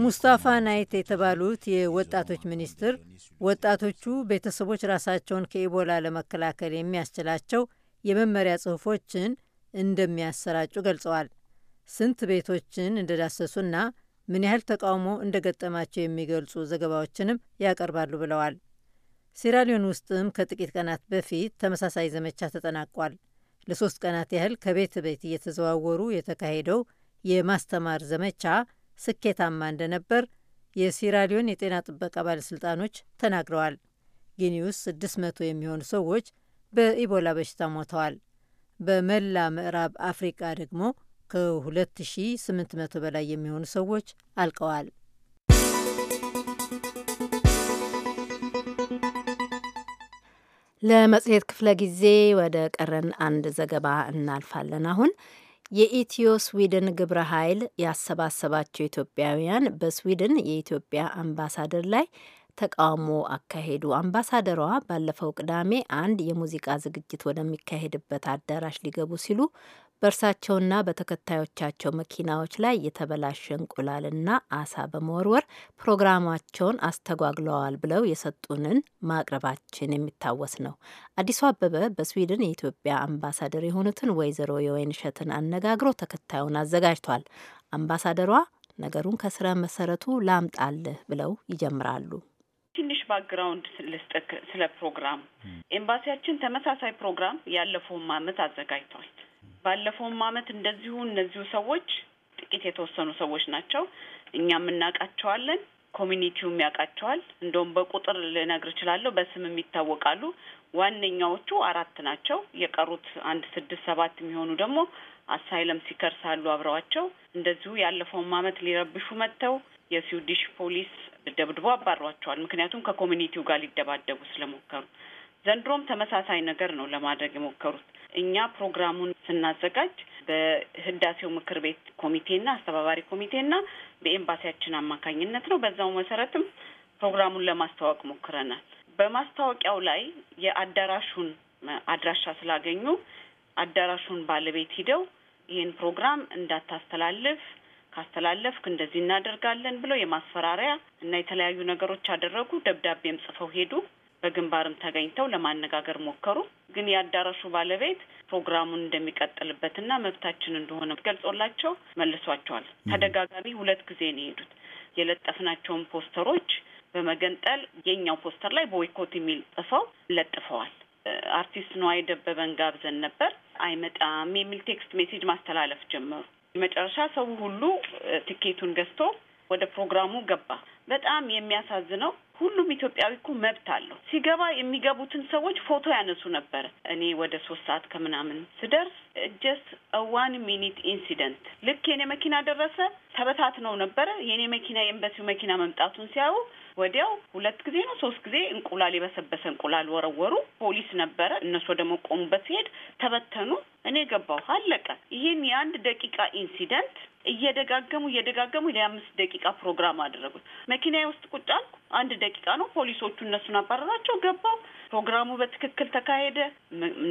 ሙስታፋ ናይት euh, euh, የተባሉት የወጣቶች ሚኒስትር ወጣቶቹ ቤተሰቦች ራሳቸውን ከኢቦላ ለመከላከል የሚያስችላቸው የመመሪያ ጽሑፎችን እንደሚያሰራጩ ገልጸዋል። ስንት ቤቶችን እንደዳሰሱና ምን ያህል ተቃውሞ እንደገጠማቸው የሚገልጹ ዘገባዎችንም ያቀርባሉ ብለዋል። ሴራሊዮን ውስጥም ከጥቂት ቀናት በፊት ተመሳሳይ ዘመቻ ተጠናቋል። ለሶስት ቀናት ያህል ከቤት ቤት እየተዘዋወሩ የተካሄደው የማስተማር ዘመቻ ስኬታማ እንደነበር የሲራሊዮን የጤና ጥበቃ ባለሥልጣኖች ተናግረዋል። ጊኒ ውስጥ 600 የሚሆኑ ሰዎች በኢቦላ በሽታ ሞተዋል። በመላ ምዕራብ አፍሪቃ ደግሞ ከ2800 በላይ የሚሆኑ ሰዎች አልቀዋል። ለመጽሔት ክፍለ ጊዜ ወደ ቀረን አንድ ዘገባ እናልፋለን። አሁን የኢትዮ ስዊድን ግብረ ኃይል ያሰባሰባቸው ኢትዮጵያውያን በስዊድን የኢትዮጵያ አምባሳደር ላይ ተቃውሞ አካሄዱ። አምባሳደሯ ባለፈው ቅዳሜ አንድ የሙዚቃ ዝግጅት ወደሚካሄድበት አዳራሽ ሊገቡ ሲሉ በእርሳቸውና በተከታዮቻቸው መኪናዎች ላይ የተበላሸ እንቁላልና አሳ በመወርወር ፕሮግራማቸውን አስተጓግለዋል ብለው የሰጡንን ማቅረባችን የሚታወስ ነው። አዲሱ አበበ በስዊድን የኢትዮጵያ አምባሳደር የሆኑትን ወይዘሮ የወይንሸትን አነጋግሮ ተከታዩን አዘጋጅቷል። አምባሳደሯ ነገሩን ከስረ መሰረቱ ላምጣልህ ብለው ይጀምራሉ። ትንሽ ባክግራውንድ ልስጥክ ስለ ፕሮግራም። ኤምባሲያችን ተመሳሳይ ፕሮግራም ያለፈውም አመት አዘጋጅቷል። ባለፈውም አመት እንደዚሁ እነዚሁ ሰዎች ጥቂት የተወሰኑ ሰዎች ናቸው። እኛም እናውቃቸዋለን፣ ኮሚኒቲውም ያውቃቸዋል። እንደውም በቁጥር ልነግር እችላለሁ፣ በስምም ይታወቃሉ። ዋነኛዎቹ አራት ናቸው። የቀሩት አንድ ስድስት ሰባት የሚሆኑ ደግሞ አሳይለም ሲከርስ አሉ አብረዋቸው። እንደዚሁ ያለፈውም አመት ሊረብሹ መጥተው የስዊዲሽ ፖሊስ ደብድቦ አባሯቸዋል። ምክንያቱም ከኮሚኒቲው ጋር ሊደባደቡ ስለሞከሩ ዘንድሮም ተመሳሳይ ነገር ነው ለማድረግ የሞከሩት። እኛ ፕሮግራሙን ስናዘጋጅ በህዳሴው ምክር ቤት ኮሚቴና አስተባባሪ ኮሚቴና በኤምባሲያችን አማካኝነት ነው። በዛው መሰረትም ፕሮግራሙን ለማስተዋወቅ ሞክረናል። በማስታወቂያው ላይ የአዳራሹን አድራሻ ስላገኙ አዳራሹን ባለቤት ሂደው ይህን ፕሮግራም እንዳታስተላልፍ ካስተላለፍክ እንደዚህ እናደርጋለን ብለው የማስፈራሪያ እና የተለያዩ ነገሮች አደረጉ። ደብዳቤም ጽፈው ሄዱ። በግንባርም ተገኝተው ለማነጋገር ሞከሩ። ግን የአዳራሹ ባለቤት ፕሮግራሙን እንደሚቀጥልበትና መብታችን እንደሆነ ገልጾላቸው መልሷቸዋል። ተደጋጋሚ ሁለት ጊዜ ነው የሄዱት። የለጠፍናቸውን ፖስተሮች በመገንጠል የኛው ፖስተር ላይ ቦይኮት የሚል ጽፈው ለጥፈዋል። አርቲስት ነዋይ ደበበን ጋብዘን ነበር። አይመጣም የሚል ቴክስት ሜሴጅ ማስተላለፍ ጀመሩ። መጨረሻ ሰው ሁሉ ትኬቱን ገዝቶ ወደ ፕሮግራሙ ገባ። በጣም የሚያሳዝነው ሁሉም ኢትዮጵያዊ እኮ መብት አለው። ሲገባ የሚገቡትን ሰዎች ፎቶ ያነሱ ነበር። እኔ ወደ ሶስት ሰዓት ከምናምን ስደርስ ጀስት ዋን ሚኒት ኢንሲደንት፣ ልክ የኔ መኪና ደረሰ። ተበታትነው ነበረ። የኔ መኪና የኤምባሲው መኪና መምጣቱን ሲያዩ ወዲያው ሁለት ጊዜ ነው ሶስት ጊዜ እንቁላል የበሰበሰ እንቁላል ወረወሩ። ፖሊስ ነበረ። እነሱ ወደ መቆሙበት ሲሄድ ተበተኑ። እኔ ገባሁ። አለቀ። ይህን የአንድ ደቂቃ ኢንሲደንት እየደጋገሙ እየደጋገሙ ለአምስት ደቂቃ ፕሮግራም አደረጉት። መኪናዬ ውስጥ ቁጭ አልኩ። አንድ ደቂቃ ነው። ፖሊሶቹ እነሱን አባረራቸው። ገባው ፕሮግራሙ በትክክል ተካሄደ።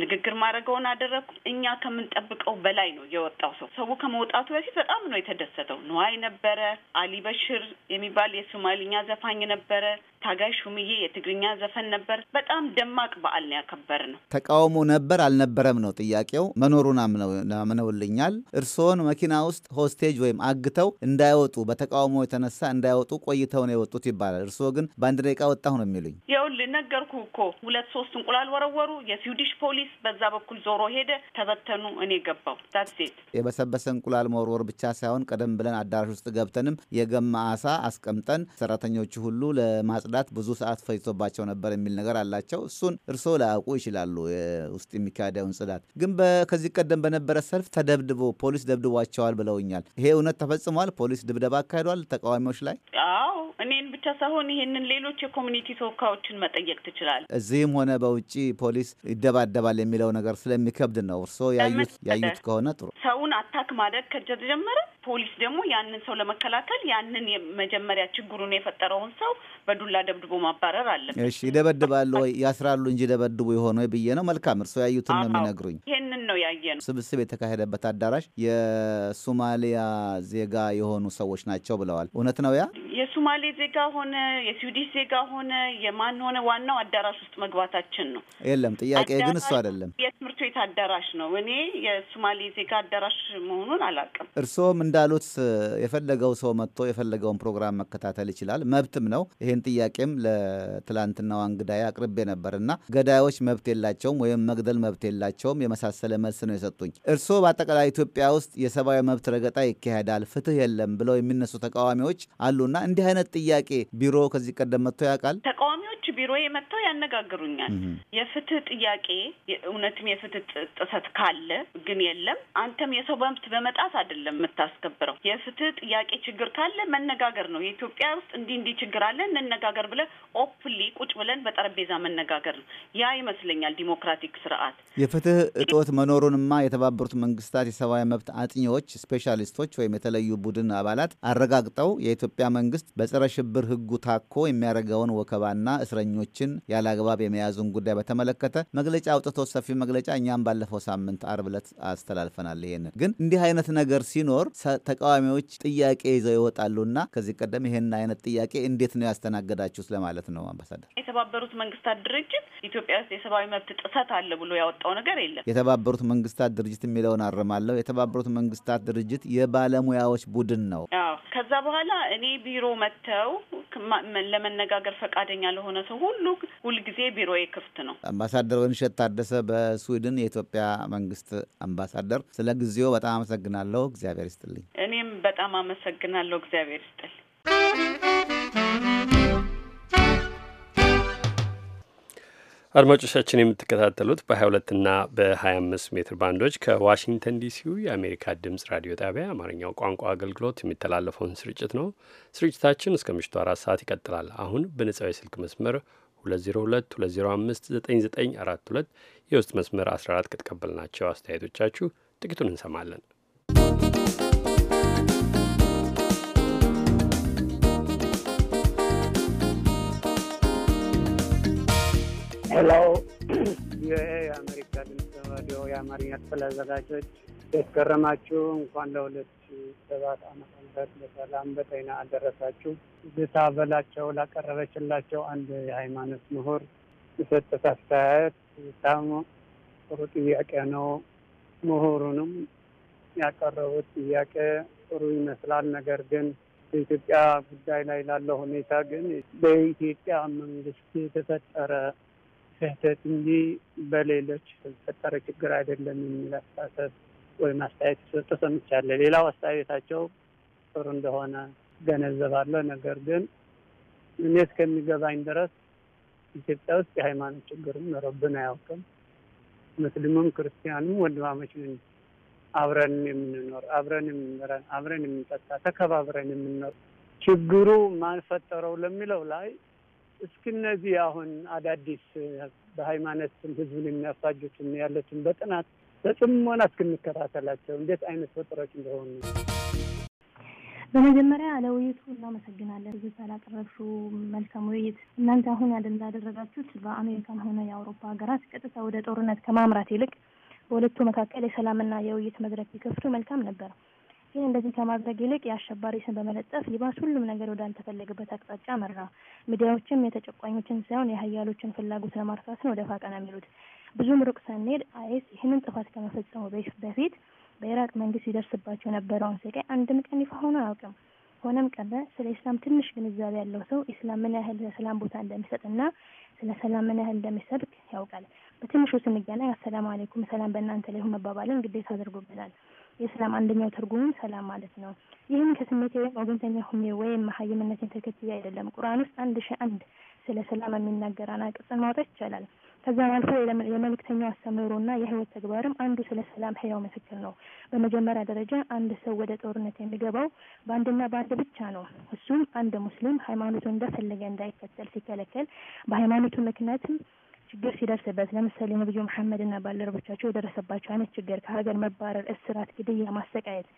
ንግግር ማድረገውን አደረግኩ። እኛ ከምንጠብቀው በላይ ነው የወጣው ሰው። ሰው ከመውጣቱ በፊት በጣም ነው የተደሰተው። ነዋይ ነበረ፣ አሊ በሽር የሚባል የሶማሊኛ ዘፋኝ ነበረ፣ ታጋይ ሹምዬ የትግርኛ ዘፈን ነበር። በጣም ደማቅ በዓል ነው ያከበር ነው። ተቃውሞ ነበር አልነበረም ነው ጥያቄው። መኖሩን አምነውልኛል። እርስዎን መኪና ውስጥ ሆስቴጅ ወይም አግተው እንዳይወጡ በተቃውሞ የተነሳ እንዳይወጡ ቆይተው ነው የወጡት ይባላል። እርስዎ ግን በአንድ ደቂቃ ወጣሁ ነው የሚሉኝ። ይኸውልህ ነገርኩ እኮ ሁለት ሶስት እንቁላል ወረወሩ። የስዊዲሽ ፖሊስ በዛ በኩል ዞሮ ሄደ፣ ተበተኑ፣ እኔ ገባሁ። ዳትሴት የበሰበሰ እንቁላል መወርወር ብቻ ሳይሆን ቀደም ብለን አዳራሽ ውስጥ ገብተንም የገማ አሳ አስቀምጠን ሰራተኞቹ ሁሉ ለማጽዳት ብዙ ሰዓት ፈጅቶባቸው ነበር የሚል ነገር አላቸው። እሱን እርስዎ ላያውቁ ይችላሉ፣ ውስጥ የሚካሄደውን ጽዳት። ግን ከዚህ ቀደም በነበረ ሰልፍ ተደብድቦ ፖሊስ ደብድቧቸዋል ብለውኛል። ይሄ እውነት ተፈጽሟል? ፖሊስ ድብደባ አካሂዷል ተቃዋሚዎች ላይ? አዎ እኔን ብቻ ሳይሆን ይሄንን ሌሎች የኮሚኒቲ ተወካዮችን መጠየቅ ትችላል። እዚህም ሆነ በውጭ ፖሊስ ይደባደባል የሚለው ነገር ስለሚከብድ ነው። እርስዎ ያዩት ያዩት ከሆነ ጥሩ ሰውን አታክ ማድረግ ከተጀመረ ፖሊስ ደግሞ ያንን ሰው ለመከላከል ያንን የመጀመሪያ ችግሩን የፈጠረውን ሰው በዱላ ደብድቦ ማባረር አለ። እሺ ይደበድባሉ ወይ ያስራሉ እንጂ ደበድቡ የሆነ ብዬ ነው። መልካም እርስዎ ያዩትን ነው የሚነግሩኝ። ይህንን ነው ያየ ነው። ስብስብ የተካሄደበት አዳራሽ የሱማሊያ ዜጋ የሆኑ ሰዎች ናቸው ብለዋል። እውነት ነው ያ የሱማሌ ዜጋ ሆነ የስዊዲሽ ዜጋ ሆነ የማን ሆነ ዋናው አዳራሽ ውስጥ መግባታችን ነው። የለም ጥያቄ ግን እሱ አይደለም። የትምህርት ቤት አዳራሽ ነው። እኔ የሶማሌ ዜጋ አዳራሽ መሆኑን አላውቅም። እርስዎም እንዳሉት የፈለገው ሰው መጥቶ የፈለገውን ፕሮግራም መከታተል ይችላል፣ መብትም ነው። ይህን ጥያቄም ለትላንትናው እንግዳዬ አቅርቤ ነበር እና ገዳዮች መብት የላቸውም ወይም መግደል መብት የላቸውም የመሳሰለ መልስ ነው የሰጡኝ። እርስዎ በአጠቃላይ ኢትዮጵያ ውስጥ የሰብአዊ መብት ረገጣ ይካሄዳል፣ ፍትህ የለም ብለው የሚነሱ ተቃዋሚዎች አሉና እንዲህ አይነት ጥያቄ ቢሮ ከዚህ ቀደም መጥቶ ያውቃል? ተቃዋሚዎች ቢሮዬ መጥተው ያነጋግሩኛል። የፍትህ ጥያቄ እውነትም የፍትህ ጥሰት ካለ ግን የለም አንተም የሰው መብት በመጣት አይደለም የምታስከብረው። የፍትህ ጥያቄ ችግር ካለ መነጋገር ነው። የኢትዮጵያ ውስጥ እንዲህ እንዲህ ችግር አለ እንነጋገር ብለን ኦፕሊ ቁጭ ብለን በጠረጴዛ መነጋገር ነው። ያ ይመስለኛል ዲሞክራቲክ ስርዓት። የፍትህ እጦት መኖሩንማ የተባበሩት መንግስታት የሰብአዊ መብት አጥኚዎች ስፔሻሊስቶች ወይም የተለዩ ቡድን አባላት አረጋግጠው የኢትዮጵያ መንግስት በጸረ ሽብር ህጉ ታኮ የሚያደርገውን ወከባና እስረ እስረኞችን ያለአግባብ የመያዙን ጉዳይ በተመለከተ መግለጫ አውጥቶ ሰፊ መግለጫ እኛም ባለፈው ሳምንት አርብ ዕለት አስተላልፈናል። ይሄንን ግን እንዲህ አይነት ነገር ሲኖር ተቃዋሚዎች ጥያቄ ይዘው ይወጣሉና ከዚህ ቀደም ይሄን አይነት ጥያቄ እንዴት ነው ያስተናገዳችሁ ለማለት ነው። አምባሳደር፣ የተባበሩት መንግስታት ድርጅት ኢትዮጵያ ውስጥ የሰብአዊ መብት ጥሰት አለ ብሎ ያወጣው ነገር የለም። የተባበሩት መንግስታት ድርጅት የሚለውን አርማለሁ። የተባበሩት መንግስታት ድርጅት የባለሙያዎች ቡድን ነው። ከዛ በኋላ እኔ ቢሮ መጥተው ለመነጋገር ፈቃደኛ ለሆነ ለሆነ ሰው ሁሉ ሁልጊዜ ቢሮዬ ክፍት ነው። አምባሳደር ወይንሸት ታደሰ በስዊድን የኢትዮጵያ መንግስት አምባሳደር፣ ስለ ጊዜው በጣም አመሰግናለሁ። እግዚአብሔር ይስጥልኝ። እኔም በጣም አመሰግናለሁ። እግዚአብሔር ይስጥልኝ። አድማጮቻችን የምትከታተሉት በ22 እና በ25 ሜትር ባንዶች ከዋሽንግተን ዲሲው የአሜሪካ ድምፅ ራዲዮ ጣቢያ አማርኛው ቋንቋ አገልግሎት የሚተላለፈውን ስርጭት ነው። ስርጭታችን እስከ ምሽቱ አራት ሰዓት ይቀጥላል። አሁን በነጻው የስልክ መስመር 2022059942 የውስጥ መስመር 14 ከተቀበልናቸው አስተያየቶቻችሁ ጥቂቱን እንሰማለን። ሄሎ የአሜሪካ ድምፅ ሬዲዮ የአማርኛ ክፍል አዘጋጆች የተከረማችሁ እንኳን ለሁለት ሰባት አመት ምህረት በሰላም በጤና አደረሳችሁ። ትዝታ በላቸው ላቀረበችላቸው አንድ የሃይማኖት ምሁር የሰጠት አስተያየት በጣም ጥሩ ጥያቄ ነው። ምሁሩንም ያቀረቡት ጥያቄ ጥሩ ይመስላል። ነገር ግን በኢትዮጵያ ጉዳይ ላይ ላለው ሁኔታ ግን በኢትዮጵያ መንግስት የተፈጠረ ስህተት እንጂ በሌሎች የተፈጠረ ችግር አይደለም የሚል አስተሳሰብ ወይም አስተያየት ሰጡ ሰምቻለሁ። ሌላው አስተያየታቸው ጥሩ እንደሆነ ገነዘባለሁ። ነገር ግን እኔ እስከሚገባኝ ድረስ ኢትዮጵያ ውስጥ የሃይማኖት ችግርም ኖሮብን አያውቅም። ሙስሊሙም ክርስቲያንም ወንድማማች ነን። አብረን የምንኖር አብረን የምንረን አብረን የምንጠጣ ተከባብረን የምንኖር ችግሩ ማን ፈጠረው ለሚለው ላይ እስክነዚህ አሁን አዳዲስ በሃይማኖት ህዝብን የሚያፋጁትን ያሉትን በጥናት በጽሞና እስክንከታተላቸው እንዴት አይነት ፈጥሮች እንደሆኑ። በመጀመሪያ ለውይይቱ እናመሰግናለን። ብዙ ስላቀረብሽው መልካም ውይይት። እናንተ አሁን ያደ እንዳደረጋችሁት በአሜሪካም ሆነ የአውሮፓ ሀገራት ቀጥታ ወደ ጦርነት ከማምራት ይልቅ በሁለቱ መካከል የሰላምና የውይይት መድረክ ቢከፍቱ መልካም ነበር። ይህ እንደዚህ ከማድረግ ይልቅ የአሸባሪ ስም በመለጠፍ ይባስ ሁሉም ነገር ወደ አልተፈለገበት አቅጣጫ መራ። ሚዲያዎችም የተጨቋኞችን ሳይሆን የሀያሎችን ፍላጎት ለማርሳት ነው ደፋ ቀና የሚሉት። ብዙም ሩቅ ሳንሄድ አይስ ይህንን ጥፋት ከመፈጸሙ በፊት በኢራቅ መንግስት ይደርስባቸው የነበረውን ስቃይ አንድም ቀን ይፋ ሆኖ አያውቅም። ሆነም ቀረ ስለ ኢስላም ትንሽ ግንዛቤ ያለው ሰው ኢስላም ምን ያህል ለሰላም ቦታ እንደሚሰጥና ስለ ሰላም ምን ያህል እንደሚሰብክ ያውቃል። በትንሹ ስንገናኝ አሰላሙ አሌይኩም ሰላም በእናንተ ላይ ይሁን መባባልን ግዴታ አድርጎብናል። የሰላም አንደኛው ትርጉሙ ሰላም ማለት ነው። ይህም ከስሜት ወይም ወገንተኛ ሁሜ ወይም መሀይምነትን ተከትዬ አይደለም። ቁርአን ውስጥ አንድ ሺ አንድ ስለ ሰላም የሚናገር አንቀጽን ማውጣት ይቻላል። ከዛም አልፎ የመልእክተኛው አስተምህሮና የህይወት ተግባርም አንዱ ስለ ሰላም ህያው ምስክር ነው። በመጀመሪያ ደረጃ አንድ ሰው ወደ ጦርነት የሚገባው በአንድና በአንድ ብቻ ነው። እሱም አንድ ሙስሊም ሃይማኖቱን እንደፈለገ እንዳይከተል ሲከለከል በሃይማኖቱ ምክንያትም ችግር ሲደርስበት ለምሳሌ ነብዩ እና ባልደረቦቻቸው የደረሰባቸው አይነት ችግር ከሀገር መባረር፣ እስራት፣ ግድያ፣ ማሰቃየት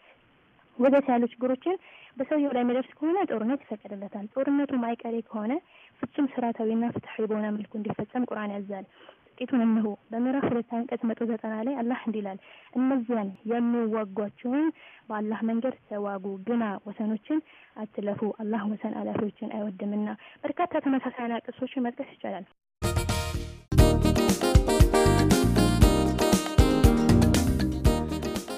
ወደት ያሉ ችግሮችን በሰውየው ላይ የሚደርስ ከሆነ ጦርነት ይፈቀድለታል። ጦርነቱ ማይቀሬ ከሆነ ፍጹም ስርዓታዊና ፍትሐዊ በሆነ መልኩ እንዲፈጸም ቁርአን ያዛል። ጥቂቱን እንሆ በምዕራፍ ሁለት አንቀጽ መቶ ዘጠና ላይ አላህ እንዲህ ይላል፣ እነዚያን የሚዋጓችሁን በአላህ መንገድ ተዋጉ፣ ግና ወሰኖችን አትለፉ፣ አላህ ወሰን አላፊዎችን አይወድምና። በርካታ ተመሳሳይ አንቀጾችን መጥቀስ ይቻላል።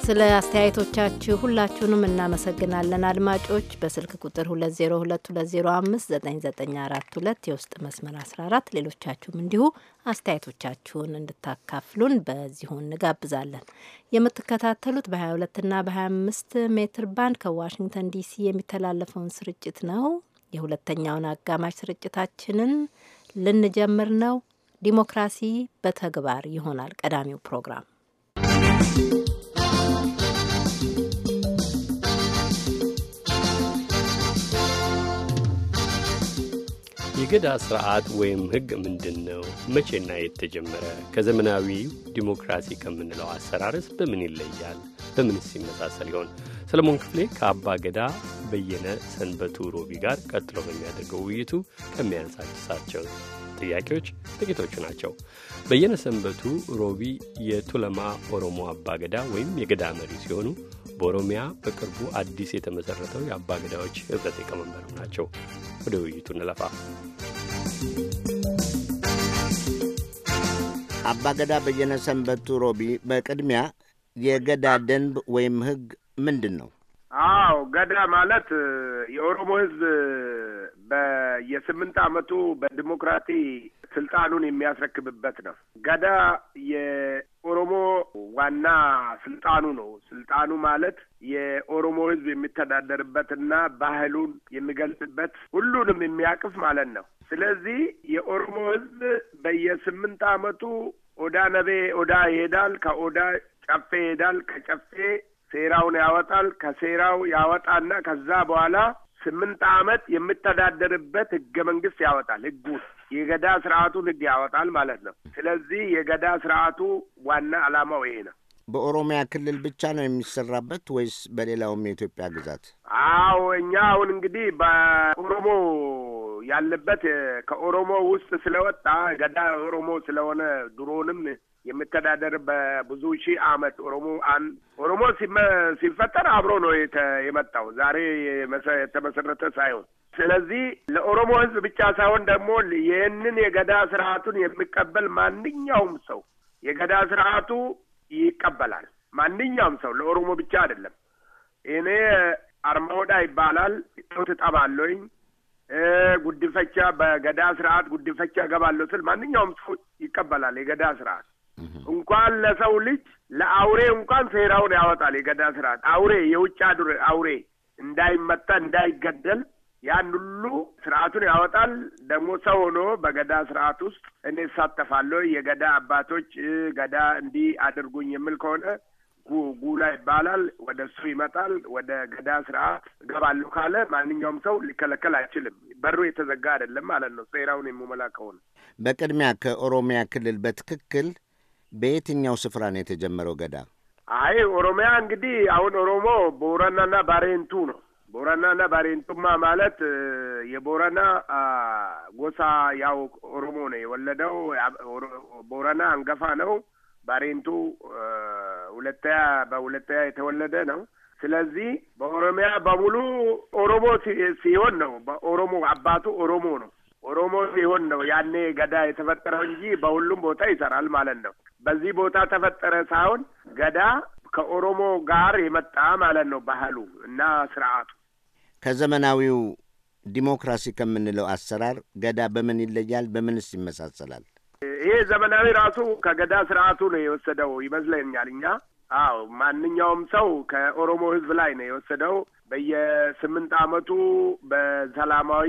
ስለ አስተያየቶቻችሁ ሁላችሁንም እናመሰግናለን። አድማጮች በስልክ ቁጥር 2022059942 የውስጥ መስመር 14 ሌሎቻችሁም እንዲሁ አስተያየቶቻችሁን እንድታካፍሉን በዚሁ እንጋብዛለን። የምትከታተሉት በ22ና በ25 ሜትር ባንድ ከዋሽንግተን ዲሲ የሚተላለፈውን ስርጭት ነው። የሁለተኛውን አጋማሽ ስርጭታችንን ልንጀምር ነው። ዲሞክራሲ በተግባር ይሆናል ቀዳሚው ፕሮግራም። የእገዳ ስርዓት ወይም ሕግ ምንድን ነው? መቼና የት ተጀመረ? ከዘመናዊ ዲሞክራሲ ከምንለው አሰራርስ በምን ይለያል? በምንስ ይመሳሰል ይሆን? ሰለሞን ክፍሌ ከአባ ገዳ በየነ ሰንበቱ ሮቢ ጋር ቀጥሎ በሚያደርገው ውይይቱ ከሚያነሳሳቸው ጥያቄዎች ጥቂቶቹ ናቸው። በየነሰንበቱ ሮቢ የቱለማ ኦሮሞ አባገዳ ወይም የገዳ መሪ ሲሆኑ በኦሮሚያ በቅርቡ አዲስ የተመሠረተው የአባገዳዎች ኅብረት ሊቀመንበር ናቸው። ወደ ውይይቱ እንለፋ። አባገዳ በየነሰንበቱ ሮቢ፣ በቅድሚያ የገዳ ደንብ ወይም ሕግ ምንድን ነው? አዎ ገዳ ማለት የኦሮሞ ህዝብ በየስምንት ዓመቱ በዲሞክራሲ ስልጣኑን የሚያስረክብበት ነው። ገዳ የኦሮሞ ዋና ስልጣኑ ነው። ስልጣኑ ማለት የኦሮሞ ሕዝብ የሚተዳደርበትና ባህሉን የሚገልጽበት ሁሉንም የሚያቅፍ ማለት ነው። ስለዚህ የኦሮሞ ሕዝብ በየስምንት ዓመቱ ኦዳ ነቤ ኦዳ ይሄዳል። ከኦዳ ጨፌ ይሄዳል። ከጨፌ ሴራውን ያወጣል። ከሴራው ያወጣና ከዛ በኋላ ስምንት ዓመት የሚተዳደርበት ህገ መንግስት ያወጣል ህጉን የገዳ ስርዓቱን ህግ ያወጣል ማለት ነው። ስለዚህ የገዳ ስርዓቱ ዋና ዓላማው ይሄ ነው። በኦሮሚያ ክልል ብቻ ነው የሚሰራበት ወይስ በሌላውም የኢትዮጵያ ግዛት? አዎ እኛ አሁን እንግዲህ በኦሮሞ ያለበት ከኦሮሞ ውስጥ ስለወጣ ገዳ ኦሮሞ ስለሆነ ድሮንም የምተዳደር በብዙ ሺህ አመት ኦሮሞ አን ኦሮሞ ሲፈጠር አብሮ ነው የመጣው ዛሬ የተመሰረተ ሳይሆን ስለዚህ ለኦሮሞ ህዝብ ብቻ ሳይሆን ደግሞ ይህንን የገዳ ስርዓቱን የሚቀበል ማንኛውም ሰው የገዳ ስርዓቱ ይቀበላል። ማንኛውም ሰው ለኦሮሞ ብቻ አይደለም። እኔ አርማውዳ ይባላል ጡት ጉድፈቻ በገዳ ስርዓት ጉድፈቻ እገባለሁ ስል ማንኛውም ሰው ይቀበላል የገዳ ስርዓት Mm-hmm. እንኳን ለሰው ልጅ ለአውሬ እንኳን ሴራውን ያወጣል። የገዳ ስርዓት አውሬ የውጭ አውሬ እንዳይመታ እንዳይገደል ያን ሁሉ ስርዓቱን ያወጣል። ደግሞ ሰው ሆኖ በገዳ ስርዓት ውስጥ እኔ እሳተፋለሁ። የገዳ አባቶች ገዳ እንዲህ አድርጉኝ የሚል ከሆነ ጉላ ይባላል። ወደ እሱ ይመጣል። ወደ ገዳ ስርዓት ገባሉ ካለ ማንኛውም ሰው ሊከለከል አይችልም። በሩ የተዘጋ አይደለም ማለት ነው። ሴራውን የሚሞላ ከሆነ በቅድሚያ ከኦሮሚያ ክልል በትክክል በየትኛው ስፍራ ነው የተጀመረው ገዳ? አይ ኦሮሚያ እንግዲህ አሁን ኦሮሞ ቦረናና ባሬንቱ ነው። ቦረናና ባሬንቱማ ማለት የቦረና ጎሳ ያው ኦሮሞ ነው የወለደው። ቦረና አንገፋ ነው። ባሬንቱ ሁለተያ በሁለተያ የተወለደ ነው። ስለዚህ በኦሮሚያ በሙሉ ኦሮሞ ሲሆን ነው። በኦሮሞ አባቱ ኦሮሞ ነው። ኦሮሞ ሊሆን ነው ያኔ ገዳ የተፈጠረው እንጂ በሁሉም ቦታ ይሰራል ማለት ነው። በዚህ ቦታ ተፈጠረ ሳይሆን ገዳ ከኦሮሞ ጋር የመጣ ማለት ነው ባህሉ እና ስርዓቱ። ከዘመናዊው ዲሞክራሲ ከምንለው አሰራር ገዳ በምን ይለያል? በምንስ ይመሳሰላል? ይሄ ዘመናዊ ራሱ ከገዳ ስርዓቱ ነው የወሰደው ይመስለኛል እኛ አዎ ማንኛውም ሰው ከኦሮሞ ህዝብ ላይ ነው የወሰደው። በየስምንት አመቱ በሰላማዊ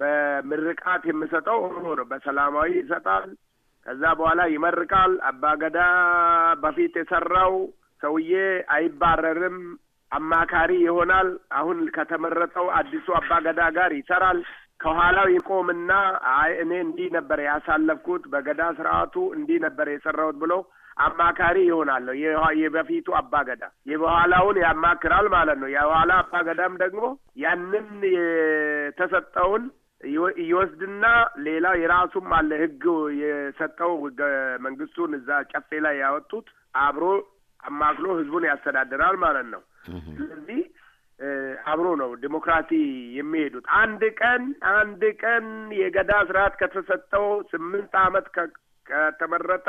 በምርቃት የምሰጠው ሆኖ ነው። በሰላማዊ ይሰጣል። ከዛ በኋላ ይመርቃል። አባገዳ በፊት የሰራው ሰውዬ አይባረርም። አማካሪ ይሆናል። አሁን ከተመረጠው አዲሱ አባገዳ ጋር ይሰራል። ከኋላው ይቆምና አይ እኔ እንዲህ ነበር ያሳለፍኩት፣ በገዳ ስርዓቱ እንዲህ ነበር የሰራሁት ብሎ አማካሪ ይሆናል። የበፊቱ አባገዳ የበኋላውን ያማክራል ማለት ነው። የኋላ አባገዳም ደግሞ ያንን የተሰጠውን ይወስድና ሌላ የራሱም አለ ህግ የሰጠው ህገ መንግስቱን እዛ ጨፌ ላይ ያወጡት አብሮ አማክሎ ህዝቡን ያስተዳድራል ማለት ነው። ስለዚህ አብሮ ነው ዲሞክራሲ የሚሄዱት። አንድ ቀን አንድ ቀን የገዳ ስርዓት ከተሰጠው ስምንት አመት ከተመረጠ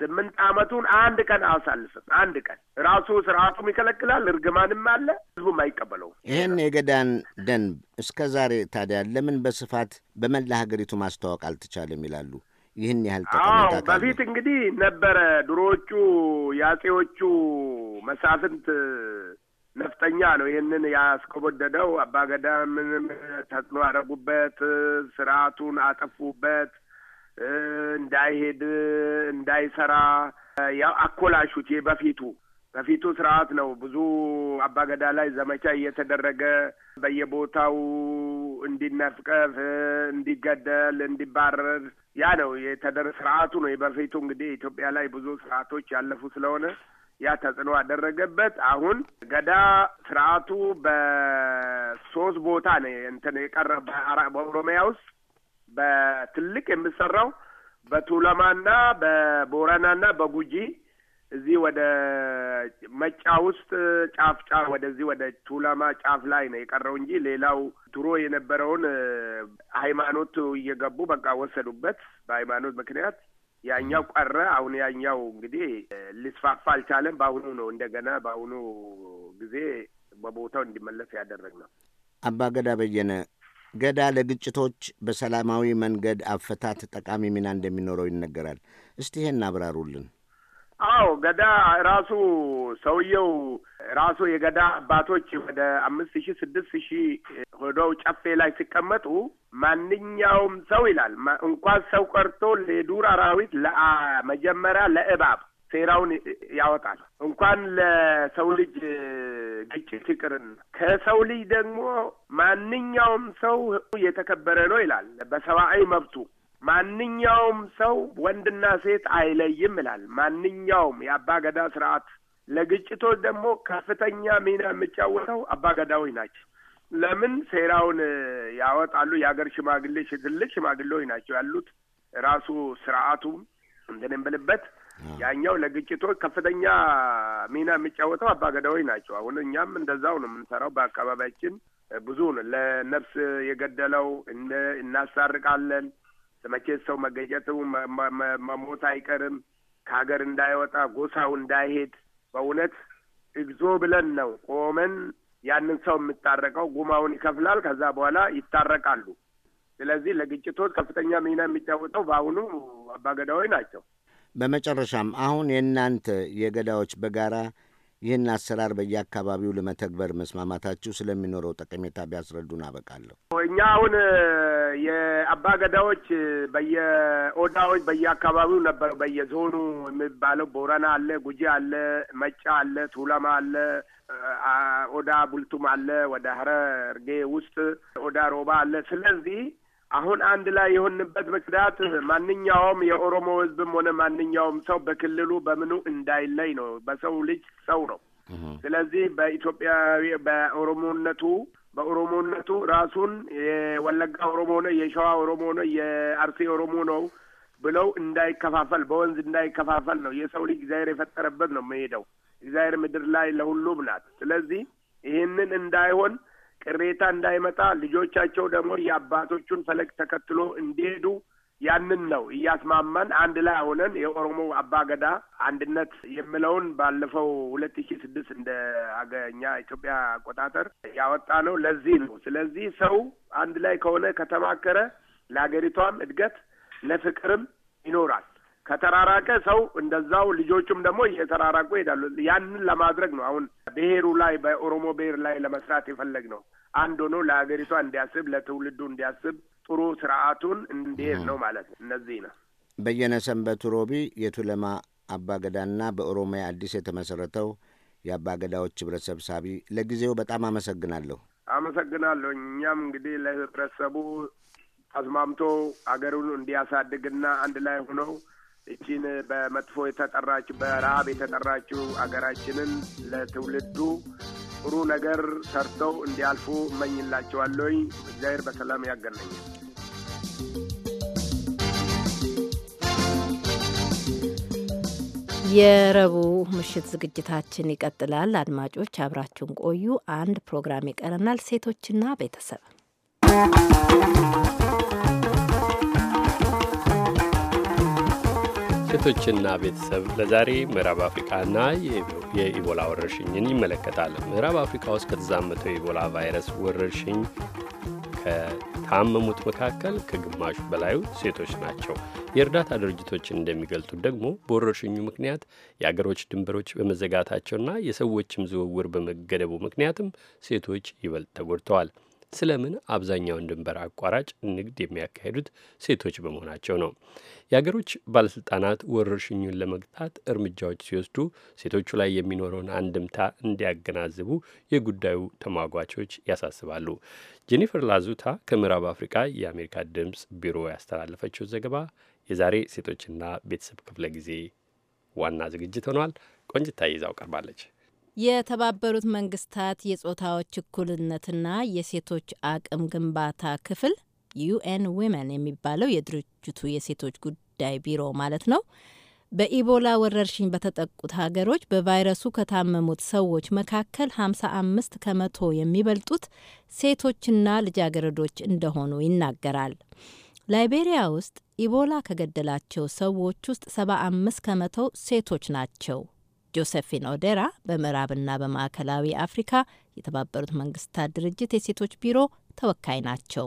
ስምንት ዓመቱን አንድ ቀን አያሳልፍም። አንድ ቀን ራሱ ስርዓቱም ይከለክላል። እርግማንም አለ፣ ህዝቡም አይቀበለውም። ይህን የገዳን ደንብ እስከ ዛሬ ታዲያ ለምን በስፋት በመላ ሀገሪቱ ማስተዋወቅ አልተቻለም ይላሉ። ይህን ያህል ጠቀሜታ በፊት እንግዲህ ነበረ። ድሮዎቹ የአጼዎቹ መሳፍንት ነፍጠኛ ነው ይህንን ያስከበደደው። አባገዳ ምንም ተጽዕኖ ያደረጉበት፣ ስርዓቱን አጠፉበት እንዳይሄድ እንዳይሰራ ያው አኮላሹት። በፊቱ በፊቱ ስርዓት ነው። ብዙ አባገዳ ላይ ዘመቻ እየተደረገ በየቦታው እንዲነፍቀፍ፣ እንዲገደል፣ እንዲባረር ያ ነው የተደረ ስርዓቱ ነው። በፊቱ እንግዲህ ኢትዮጵያ ላይ ብዙ ስርዓቶች ያለፉ ስለሆነ ያ ተጽዕኖ አደረገበት። አሁን ገዳ ስርዓቱ በሶስት ቦታ ነው እንትን የቀረ በኦሮሚያ ውስጥ በትልቅ የምሰራው በቱለማና በቦረናና በጉጂ እዚህ ወደ መጫ ውስጥ ጫፍ ጫፍ ወደዚህ ወደ ቱለማ ጫፍ ላይ ነው የቀረው እንጂ ሌላው ድሮ የነበረውን ሃይማኖት እየገቡ በቃ ወሰዱበት። በሃይማኖት ምክንያት ያኛው ቀረ። አሁን ያኛው እንግዲህ ሊስፋፋ አልቻለም። በአሁኑ ነው እንደገና በአሁኑ ጊዜ በቦታው እንዲመለስ ያደረግ ነው። አባ ገዳ በየነ ገዳ ለግጭቶች በሰላማዊ መንገድ አፈታት ጠቃሚ ሚና እንደሚኖረው ይነገራል። እስቲ ይሄን አብራሩልን። አዎ ገዳ ራሱ ሰውየው ራሱ የገዳ አባቶች ወደ አምስት ሺ ስድስት ሺ ሆዶው ጨፌ ላይ ሲቀመጡ ማንኛውም ሰው ይላል እንኳን ሰው ቀርቶ ለዱር አራዊት ለመጀመሪያ ለእባብ ሴራውን ያወጣል። እንኳን ለሰው ልጅ ግጭት ይቅርና ከሰው ልጅ ደግሞ ማንኛውም ሰው የተከበረ ነው ይላል በሰብአዊ መብቱ ማንኛውም ሰው ወንድና ሴት አይለይም ይላል። ማንኛውም የአባገዳ ስርዓት ለግጭቶች ደግሞ ከፍተኛ ሚና የሚጫወተው አባገዳዎች ናቸው። ለምን ሴራውን ያወጣሉ? የሀገር ሽማግሌ ትልቅ ሽማግሌዎች ናቸው ያሉት ራሱ ስርዓቱ እንደንብልበት ያኛው ለግጭቶች ከፍተኛ ሚና የሚጫወተው አባገዳዎች ናቸው። አሁን እኛም እንደዛው ነው የምንሰራው። በአካባቢያችን ብዙ ለነፍስ የገደለው እናሳርቃለን። መቼት ሰው መገጨቱ መሞት አይቀርም። ከሀገር እንዳይወጣ ጎሳው እንዳይሄድ በእውነት እግዞ ብለን ነው ቆመን ያንን ሰው የምታረቀው ጉማውን ይከፍላል፣ ከዛ በኋላ ይታረቃሉ። ስለዚህ ለግጭቶች ከፍተኛ ሚና የሚጫወተው በአሁኑ አባገዳዎች ናቸው። በመጨረሻም አሁን የእናንተ የገዳዎች በጋራ ይህን አሰራር በየአካባቢው ለመተግበር መስማማታችሁ ስለሚኖረው ጠቀሜታ ቢያስረዱን አበቃለሁ። እኛ አሁን የአባ ገዳዎች በየኦዳዎች በየአካባቢው ነበሩ። በየዞኑ የሚባለው ቦረና አለ፣ ጉጂ አለ፣ መጫ አለ፣ ቱለማ አለ፣ ኦዳ ቡልቱም አለ፣ ወደ ሀረርጌ ውስጥ ኦዳ ሮባ አለ። ስለዚህ አሁን አንድ ላይ የሆንበት ምክንያት ማንኛውም የኦሮሞ ህዝብም ሆነ ማንኛውም ሰው በክልሉ በምኑ እንዳይለይ ነው። በሰው ልጅ ሰው ነው። ስለዚህ በኢትዮጵያዊ በኦሮሞነቱ በኦሮሞነቱ ራሱን የወለጋ ኦሮሞ ሆነ የሸዋ ኦሮሞ ሆነ የአርሴ ኦሮሞ ነው ብለው እንዳይከፋፈል በወንዝ እንዳይከፋፈል ነው። የሰው ልጅ እግዚአብሔር የፈጠረበት ነው የሚሄደው። እግዚአብሔር ምድር ላይ ለሁሉም ናት። ስለዚህ ይህንን እንዳይሆን ቅሬታ እንዳይመጣ ልጆቻቸው ደግሞ የአባቶቹን ፈለግ ተከትሎ እንዲሄዱ ያንን ነው እያስማማን አንድ ላይ ሆነን የኦሮሞ አባገዳ አንድነት የሚለውን ባለፈው ሁለት ሺ ስድስት እንደ አገኛ ኢትዮጵያ አቆጣጠር ያወጣ ነው። ለዚህ ነው። ስለዚህ ሰው አንድ ላይ ከሆነ ከተማከረ ለሀገሪቷም እድገት ለፍቅርም ይኖራል። ከተራራቀ ሰው እንደዛው ልጆቹም ደግሞ እየተራራቁ ይሄዳሉ። ያንን ለማድረግ ነው አሁን ብሔሩ ላይ በኦሮሞ ብሔር ላይ ለመስራት የፈለግ ነው። አንድ ሆኖ ለሀገሪቷ እንዲያስብ ለትውልዱ እንዲያስብ ጥሩ ስርዓቱን እንዲሄድ ነው ማለት ነው። እነዚህ ነው በየነ ሰንበቱ ሮቢ፣ የቱለማ አባገዳና በኦሮሚያ አዲስ የተመሰረተው የአባገዳዎች ህብረት ሰብሳቢ፣ ለጊዜው በጣም አመሰግናለሁ። አመሰግናለሁ። እኛም እንግዲህ ለህብረተሰቡ ተስማምቶ አገሩን እንዲያሳድግና አንድ ላይ ሆነው እቺን በመጥፎ የተጠራች በረሃብ የተጠራችው አገራችንን ለትውልዱ ጥሩ ነገር ሰርተው እንዲያልፉ እመኝላቸዋለኝ። እግዚአብሔር በሰላም ያገናኛል። የረቡዕ ምሽት ዝግጅታችን ይቀጥላል። አድማጮች አብራችሁን ቆዩ። አንድ ፕሮግራም ይቀረናል። ሴቶችና ቤተሰብ ምልክቶችና ቤተሰብ ለዛሬ ምዕራብ አፍሪካና የኢቦላ ወረርሽኝን ይመለከታል። ምዕራብ አፍሪካ ውስጥ ከተዛመተው የኢቦላ ቫይረስ ወረርሽኝ ከታመሙት መካከል ከግማሹ በላዩ ሴቶች ናቸው። የእርዳታ ድርጅቶች እንደሚገልጡት ደግሞ በወረርሽኙ ምክንያት የአገሮች ድንበሮች በመዘጋታቸውና የሰዎችም ዝውውር በመገደቡ ምክንያትም ሴቶች ይበልጥ ተጎድተዋል። ስለምን አብዛኛውን ድንበር አቋራጭ ንግድ የሚያካሄዱት ሴቶች በመሆናቸው ነው። የአገሮች ባለስልጣናት ወረርሽኙን ለመግታት እርምጃዎች ሲወስዱ ሴቶቹ ላይ የሚኖረውን አንድምታ እንዲያገናዝቡ የጉዳዩ ተሟጓቾች ያሳስባሉ። ጄኒፈር ላዙታ ከምዕራብ አፍሪካ የአሜሪካ ድምፅ ቢሮ ያስተላለፈችው ዘገባ የዛሬ ሴቶችና ቤተሰብ ክፍለ ጊዜ ዋና ዝግጅት ሆኗል። ቆንጅታ ይዛው ቀርባለች። የተባበሩት መንግስታት የጾታዎች እኩልነትና የሴቶች አቅም ግንባታ ክፍል ዩኤን ዊመን የሚባለው የድርጅቱ የሴቶች ጉዳይ ቢሮ ማለት ነው በኢቦላ ወረርሽኝ በተጠቁት ሀገሮች በቫይረሱ ከታመሙት ሰዎች መካከል 55 ከመቶ የሚበልጡት ሴቶችና ልጃገረዶች እንደሆኑ ይናገራል። ላይቤሪያ ውስጥ ኢቦላ ከገደላቸው ሰዎች ውስጥ 75 ከመቶ ሴቶች ናቸው። ጆሴፊን ኦዴራ በምዕራብና በማዕከላዊ አፍሪካ የተባበሩት መንግስታት ድርጅት የሴቶች ቢሮ ተወካይ ናቸው።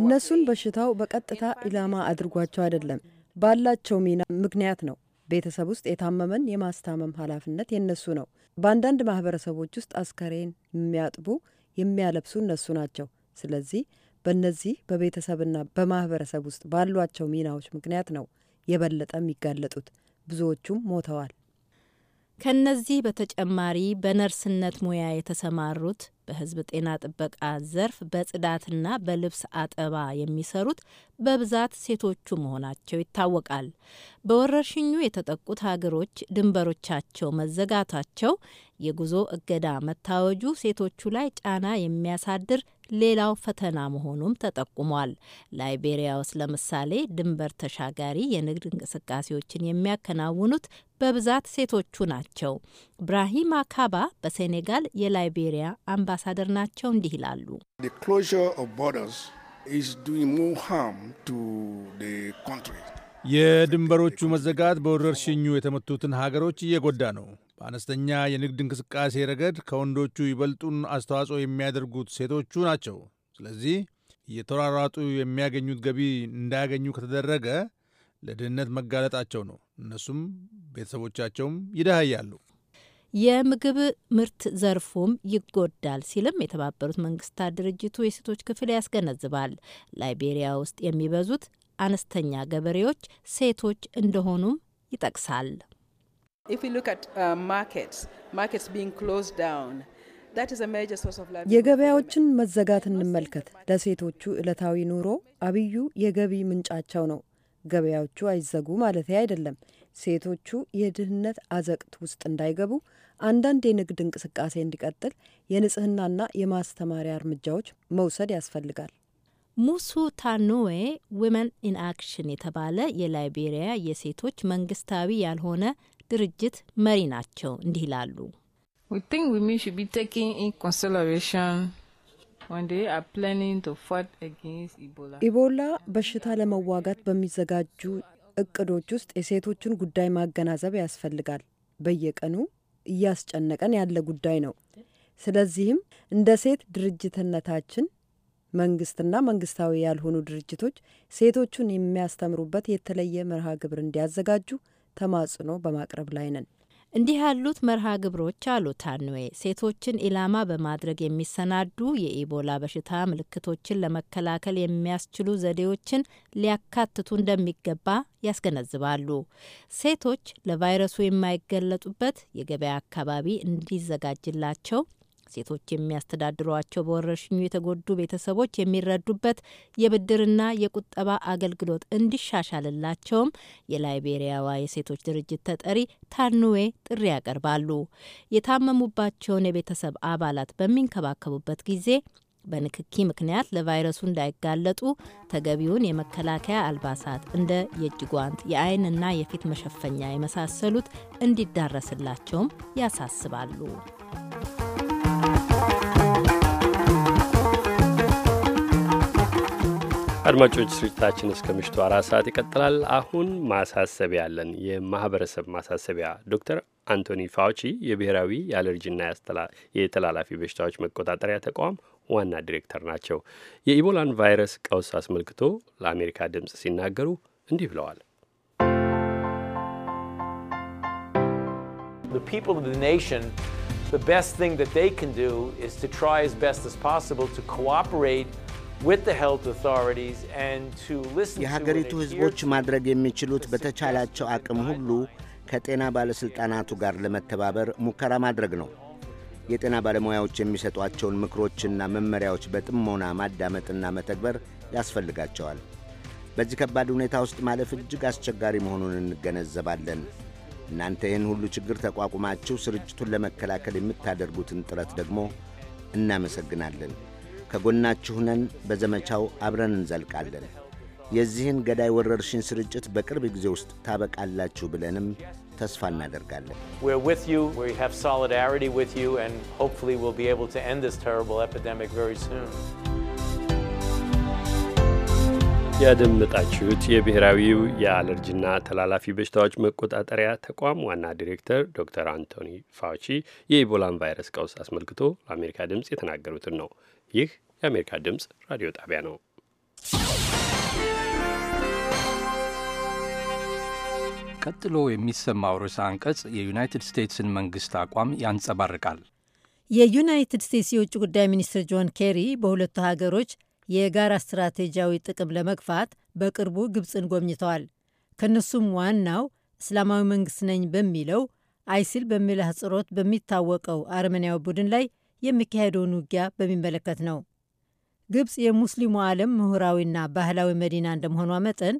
እነሱን በሽታው በቀጥታ ኢላማ አድርጓቸው አይደለም፣ ባላቸው ሚና ምክንያት ነው። ቤተሰብ ውስጥ የታመመን የማስታመም ኃላፊነት የእነሱ ነው። በአንዳንድ ማህበረሰቦች ውስጥ አስከሬን የሚያጥቡ የሚያለብሱ እነሱ ናቸው። ስለዚህ በእነዚህ በቤተሰብና በማህበረሰብ ውስጥ ባሏቸው ሚናዎች ምክንያት ነው የበለጠ የሚጋለጡት። ብዙዎቹም ሞተዋል። ከነዚህ በተጨማሪ በነርስነት ሙያ የተሰማሩት፣ በሕዝብ ጤና ጥበቃ ዘርፍ በጽዳትና በልብስ አጠባ የሚሰሩት በብዛት ሴቶቹ መሆናቸው ይታወቃል። በወረርሽኙ የተጠቁት ሀገሮች ድንበሮቻቸው መዘጋታቸው፣ የጉዞ እገዳ መታወጁ ሴቶቹ ላይ ጫና የሚያሳድር ሌላው ፈተና መሆኑም ተጠቁሟል። ላይቤሪያ ውስጥ ለምሳሌ ድንበር ተሻጋሪ የንግድ እንቅስቃሴዎችን የሚያከናውኑት በብዛት ሴቶቹ ናቸው። ብራሂም አካባ በሴኔጋል የላይቤሪያ አምባሳደር ናቸው። እንዲህ ይላሉ። የድንበሮቹ መዘጋት በወረርሽኙ የተመቱትን ሀገሮች እየጎዳ ነው። በአነስተኛ የንግድ እንቅስቃሴ ረገድ ከወንዶቹ ይበልጡን አስተዋጽኦ የሚያደርጉት ሴቶቹ ናቸው። ስለዚህ እየተሯሯጡ የሚያገኙት ገቢ እንዳያገኙ ከተደረገ ለድህነት መጋለጣቸው ነው። እነሱም ቤተሰቦቻቸውም ይደሃያሉ። የምግብ ምርት ዘርፉም ይጎዳል ሲልም የተባበሩት መንግስታት ድርጅቱ የሴቶች ክፍል ያስገነዝባል። ላይቤሪያ ውስጥ የሚበዙት አነስተኛ ገበሬዎች ሴቶች እንደሆኑም ይጠቅሳል። የገበያዎችን መዘጋት እንመልከት። ለሴቶቹ ዕለታዊ ኑሮ አብዩ የገቢ ምንጫቸው ነው። ገበያዎቹ አይዘጉ ማለት አይደለም። ሴቶቹ የድህነት አዘቅት ውስጥ እንዳይገቡ አንዳንድ የንግድ እንቅስቃሴ እንዲቀጥል የንጽህናና የማስተማሪያ እርምጃዎች መውሰድ ያስፈልጋል። ሙሱ ታኖዌ ዊመን ኢን አክሽን የተባለ የላይቤሪያ የሴቶች መንግስታዊ ያልሆነ ድርጅት መሪ ናቸው። እንዲህ ይላሉ። ኢቦላ በሽታ ለመዋጋት በሚዘጋጁ እቅዶች ውስጥ የሴቶችን ጉዳይ ማገናዘብ ያስፈልጋል። በየቀኑ እያስጨነቀን ያለ ጉዳይ ነው። ስለዚህም እንደ ሴት ድርጅትነታችን መንግስትና መንግስታዊ ያልሆኑ ድርጅቶች ሴቶቹን የሚያስተምሩበት የተለየ መርሃ ግብር እንዲያዘጋጁ ተማጽኖ በማቅረብ ላይ ነን። እንዲህ ያሉት መርሃ ግብሮች አሉ ታንዌ ሴቶችን ኢላማ በማድረግ የሚሰናዱ የኢቦላ በሽታ ምልክቶችን ለመከላከል የሚያስችሉ ዘዴዎችን ሊያካትቱ እንደሚገባ ያስገነዝባሉ። ሴቶች ለቫይረሱ የማይገለጡበት የገበያ አካባቢ እንዲዘጋጅላቸው ሴቶች የሚያስተዳድሯቸው በወረርሽኙ የተጎዱ ቤተሰቦች የሚረዱበት የብድርና የቁጠባ አገልግሎት እንዲሻሻልላቸውም የላይቤሪያዋ የሴቶች ድርጅት ተጠሪ ታንዌ ጥሪ ያቀርባሉ። የታመሙባቸውን የቤተሰብ አባላት በሚንከባከቡበት ጊዜ በንክኪ ምክንያት ለቫይረሱ እንዳይጋለጡ ተገቢውን የመከላከያ አልባሳት እንደ የእጅ ጓንት፣ የአይንና የፊት መሸፈኛ የመሳሰሉት እንዲዳረስላቸውም ያሳስባሉ። አድማጮች ስርጭታችን እስከ ምሽቱ አራት ሰዓት ይቀጥላል። አሁን ማሳሰቢያ ያለን የማህበረሰብ ማሳሰቢያ ዶክተር አንቶኒ ፋውቺ የብሔራዊ የአለርጂና የተላላፊ በሽታዎች መቆጣጠሪያ ተቋም ዋና ዲሬክተር ናቸው። የኢቦላን ቫይረስ ቀውስ አስመልክቶ ለአሜሪካ ድምፅ ሲናገሩ እንዲህ ብለዋል። The best thing that they can do is to try as best as possible to cooperate የሀገሪቱ ሕዝቦች ማድረግ የሚችሉት በተቻላቸው አቅም ሁሉ ከጤና ባለሥልጣናቱ ጋር ለመተባበር ሙከራ ማድረግ ነው። የጤና ባለሙያዎች የሚሰጧቸውን ምክሮችና መመሪያዎች በጥሞና ማዳመጥና መተግበር ያስፈልጋቸዋል። በዚህ ከባድ ሁኔታ ውስጥ ማለፍ እጅግ አስቸጋሪ መሆኑን እንገነዘባለን። እናንተ ይህን ሁሉ ችግር ተቋቁማችሁ ስርጭቱን ለመከላከል የምታደርጉትን ጥረት ደግሞ እናመሰግናለን። ከጎናችሁ ነን። በዘመቻው አብረን እንዘልቃለን። የዚህን ገዳይ ወረርሽኝ ስርጭት በቅርብ ጊዜ ውስጥ ታበቃላችሁ ብለንም ተስፋ እናደርጋለን። ያደመጣችሁት የብሔራዊው የአለርጂና ተላላፊ በሽታዎች መቆጣጠሪያ ተቋም ዋና ዲሬክተር ዶክተር አንቶኒ ፋውቺ የኢቦላን ቫይረስ ቀውስ አስመልክቶ ለአሜሪካ ድምፅ የተናገሩትን ነው። ይህ የአሜሪካ ድምፅ ራዲዮ ጣቢያ ነው። ቀጥሎ የሚሰማው ርዕሰ አንቀጽ የዩናይትድ ስቴትስን መንግስት አቋም ያንጸባርቃል። የዩናይትድ ስቴትስ የውጭ ጉዳይ ሚኒስትር ጆን ኬሪ በሁለቱ ሀገሮች የጋራ ስትራቴጂያዊ ጥቅም ለመግፋት በቅርቡ ግብፅን ጎብኝተዋል። ከእነሱም ዋናው እስላማዊ መንግስት ነኝ በሚለው አይሲል በሚል አህጽሮት በሚታወቀው አረመኔያዊ ቡድን ላይ የሚካሄደውን ውጊያ በሚመለከት ነው። ግብፅ የሙስሊሙ ዓለም ምሁራዊና ባህላዊ መዲና እንደመሆኗ መጠን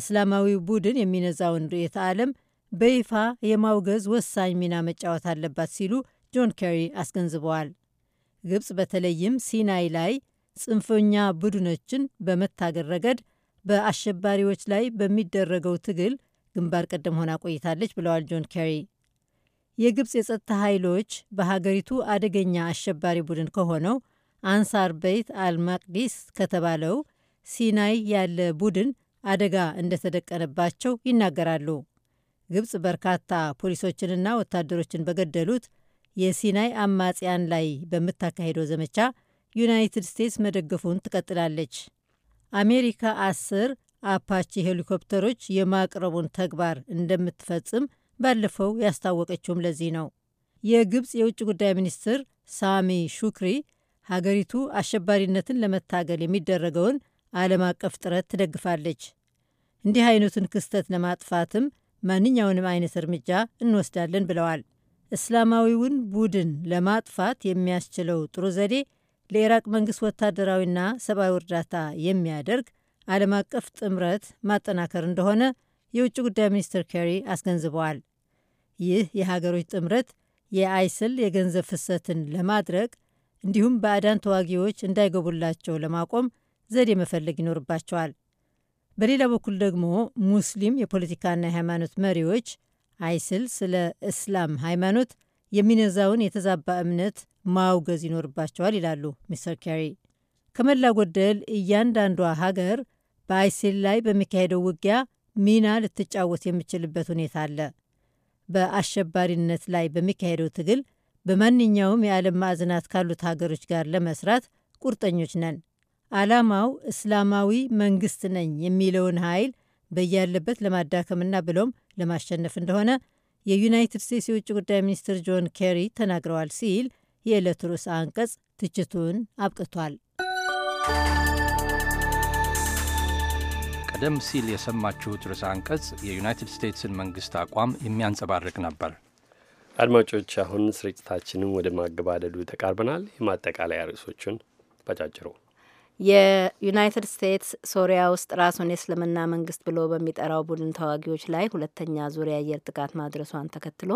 እስላማዊ ቡድን የሚነዛውን ርዕዮተ ዓለም በይፋ የማውገዝ ወሳኝ ሚና መጫወት አለባት ሲሉ ጆን ኬሪ አስገንዝበዋል። ግብፅ በተለይም ሲናይ ላይ ጽንፈኛ ቡድኖችን በመታገል ረገድ በአሸባሪዎች ላይ በሚደረገው ትግል ግንባር ቀደም ሆና ቆይታለች ብለዋል ጆን ኬሪ። የግብፅ የጸጥታ ኃይሎች በሀገሪቱ አደገኛ አሸባሪ ቡድን ከሆነው አንሳር በይት አልማቅዲስ ከተባለው ሲናይ ያለ ቡድን አደጋ እንደተደቀነባቸው ይናገራሉ። ግብፅ በርካታ ፖሊሶችንና ወታደሮችን በገደሉት የሲናይ አማጽያን ላይ በምታካሄደው ዘመቻ ዩናይትድ ስቴትስ መደገፉን ትቀጥላለች። አሜሪካ አስር አፓቺ ሄሊኮፕተሮች የማቅረቡን ተግባር እንደምትፈጽም ባለፈው ያስታወቀችውም ለዚህ ነው። የግብፅ የውጭ ጉዳይ ሚኒስትር ሳሚ ሹክሪ ሀገሪቱ አሸባሪነትን ለመታገል የሚደረገውን ዓለም አቀፍ ጥረት ትደግፋለች፣ እንዲህ አይነቱን ክስተት ለማጥፋትም ማንኛውንም አይነት እርምጃ እንወስዳለን ብለዋል። እስላማዊውን ቡድን ለማጥፋት የሚያስችለው ጥሩ ዘዴ ለኢራቅ መንግስት ወታደራዊና ሰብአዊ እርዳታ የሚያደርግ ዓለም አቀፍ ጥምረት ማጠናከር እንደሆነ የውጭ ጉዳይ ሚኒስትር ኬሪ አስገንዝበዋል። ይህ የሀገሮች ጥምረት የአይስል የገንዘብ ፍሰትን ለማድረግ እንዲሁም ባዕዳን ተዋጊዎች እንዳይገቡላቸው ለማቆም ዘዴ መፈለግ ይኖርባቸዋል። በሌላ በኩል ደግሞ ሙስሊም የፖለቲካና የሃይማኖት መሪዎች አይስል ስለ እስላም ሃይማኖት የሚነዛውን የተዛባ እምነት ማውገዝ ይኖርባቸዋል ይላሉ ሚስተር ኬሪ። ከመላ ጎደል እያንዳንዷ ሀገር በአይሲል ላይ በሚካሄደው ውጊያ ሚና ልትጫወት የምችልበት ሁኔታ አለ። በአሸባሪነት ላይ በሚካሄደው ትግል በማንኛውም የዓለም ማዕዝናት ካሉት ሀገሮች ጋር ለመስራት ቁርጠኞች ነን። ዓላማው እስላማዊ መንግስት ነኝ የሚለውን ኃይል በያለበት ለማዳከምና ብሎም ለማሸነፍ እንደሆነ የዩናይትድ ስቴትስ የውጭ ጉዳይ ሚኒስትር ጆን ኬሪ ተናግረዋል ሲል የዕለቱ ርዕሰ አንቀጽ ትችቱን አብቅቷል። ቀደም ሲል የሰማችሁት ርዕሰ አንቀጽ የዩናይትድ ስቴትስን መንግስት አቋም የሚያንጸባርቅ ነበር። አድማጮች፣ አሁን ስርጭታችንን ወደ ማገባደዱ ተቃርበናል። የማጠቃለያ ርዕሶቹን ባጫጭሩ የዩናይትድ ስቴትስ ሶሪያ ውስጥ ራሱን የእስልምና መንግስት ብሎ በሚጠራው ቡድን ተዋጊዎች ላይ ሁለተኛ ዙር የአየር ጥቃት ማድረሷን ተከትሎ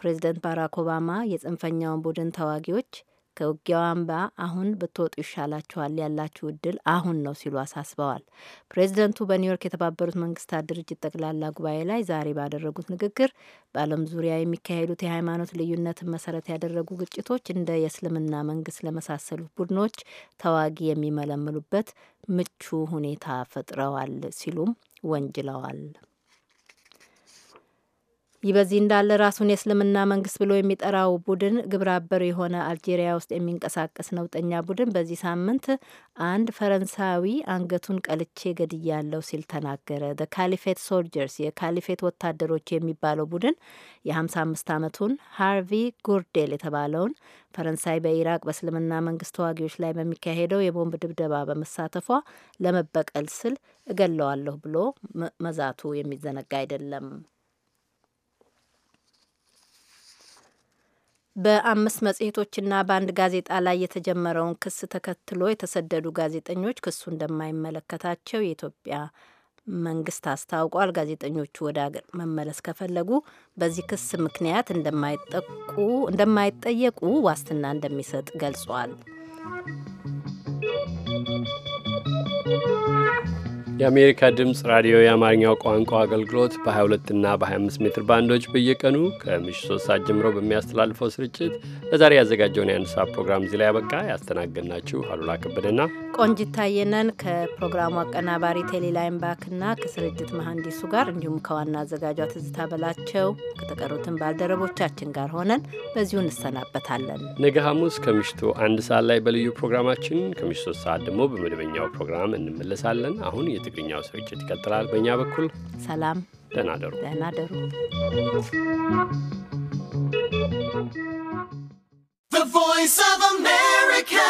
ፕሬዚደንት ባራክ ኦባማ የጽንፈኛውን ቡድን ተዋጊዎች ከውጊያው አምባ አሁን ብትወጡ ይሻላችኋል፣ ያላችሁ እድል አሁን ነው ሲሉ አሳስበዋል። ፕሬዚደንቱ በኒውዮርክ የተባበሩት መንግስታት ድርጅት ጠቅላላ ጉባኤ ላይ ዛሬ ባደረጉት ንግግር በዓለም ዙሪያ የሚካሄዱት የሃይማኖት ልዩነትን መሰረት ያደረጉ ግጭቶች እንደ የእስልምና መንግስት ለመሳሰሉት ቡድኖች ተዋጊ የሚመለምሉበት ምቹ ሁኔታ ፈጥረዋል ሲሉም ወንጅለዋል። ይህ በዚህ እንዳለ ራሱን የእስልምና መንግስት ብሎ የሚጠራው ቡድን ግብረአበር የሆነ አልጄሪያ ውስጥ የሚንቀሳቀስ ነውጠኛ ቡድን በዚህ ሳምንት አንድ ፈረንሳዊ አንገቱን ቀልቼ ገድያለሁ ሲል ተናገረ። ደ ካሊፌት ሶልጀርስ የካሊፌት ወታደሮች የሚባለው ቡድን የ55 ዓመቱን ሃርቪ ጉርዴል የተባለውን ፈረንሳይ በኢራቅ በእስልምና መንግስት ተዋጊዎች ላይ በሚካሄደው የቦምብ ድብደባ በመሳተፏ ለመበቀል ስል እገለዋለሁ ብሎ መዛቱ የሚዘነጋ አይደለም። በአምስት መጽሔቶችና በአንድ ጋዜጣ ላይ የተጀመረውን ክስ ተከትሎ የተሰደዱ ጋዜጠኞች ክሱ እንደማይመለከታቸው የኢትዮጵያ መንግስት አስታውቋል። ጋዜጠኞቹ ወደ አገር መመለስ ከፈለጉ በዚህ ክስ ምክንያት እንደማይጠየቁ ዋስትና እንደሚሰጥ ገልጿል። የአሜሪካ ድምፅ ራዲዮ የአማርኛው ቋንቋ አገልግሎት በ22 እና በ25 ሜትር ባንዶች በየቀኑ ከምሽ 3 ሰዓት ጀምሮ በሚያስተላልፈው ስርጭት ለዛሬ ያዘጋጀውን የአንድ ሰዓት ፕሮግራም እዚህ ላይ ያበቃ። ያስተናገድናችሁ አሉላ ከበደና ቆንጂት ታየ ከፕሮግራሙ አቀናባሪ ቴሌላይም ባክና ከስርጭት መሐንዲሱ ጋር እንዲሁም ከዋና አዘጋጇ ትዝታ በላቸው ከተቀሩትን ባልደረቦቻችን ጋር ሆነን በዚሁ እንሰናበታለን። ነገ ሐሙስ ከምሽቱ አንድ ሰዓት ላይ በልዩ ፕሮግራማችን ከምሽ 3 ሰዓት ደግሞ በመደበኛው ፕሮግራም እንመለሳለን። አሁን የትግርኛው ስርጭት ይቀጥላል። በእኛ በኩል ሰላም፣ ደህና ደሩ፣ ደህና ደሩ። The Voice of America.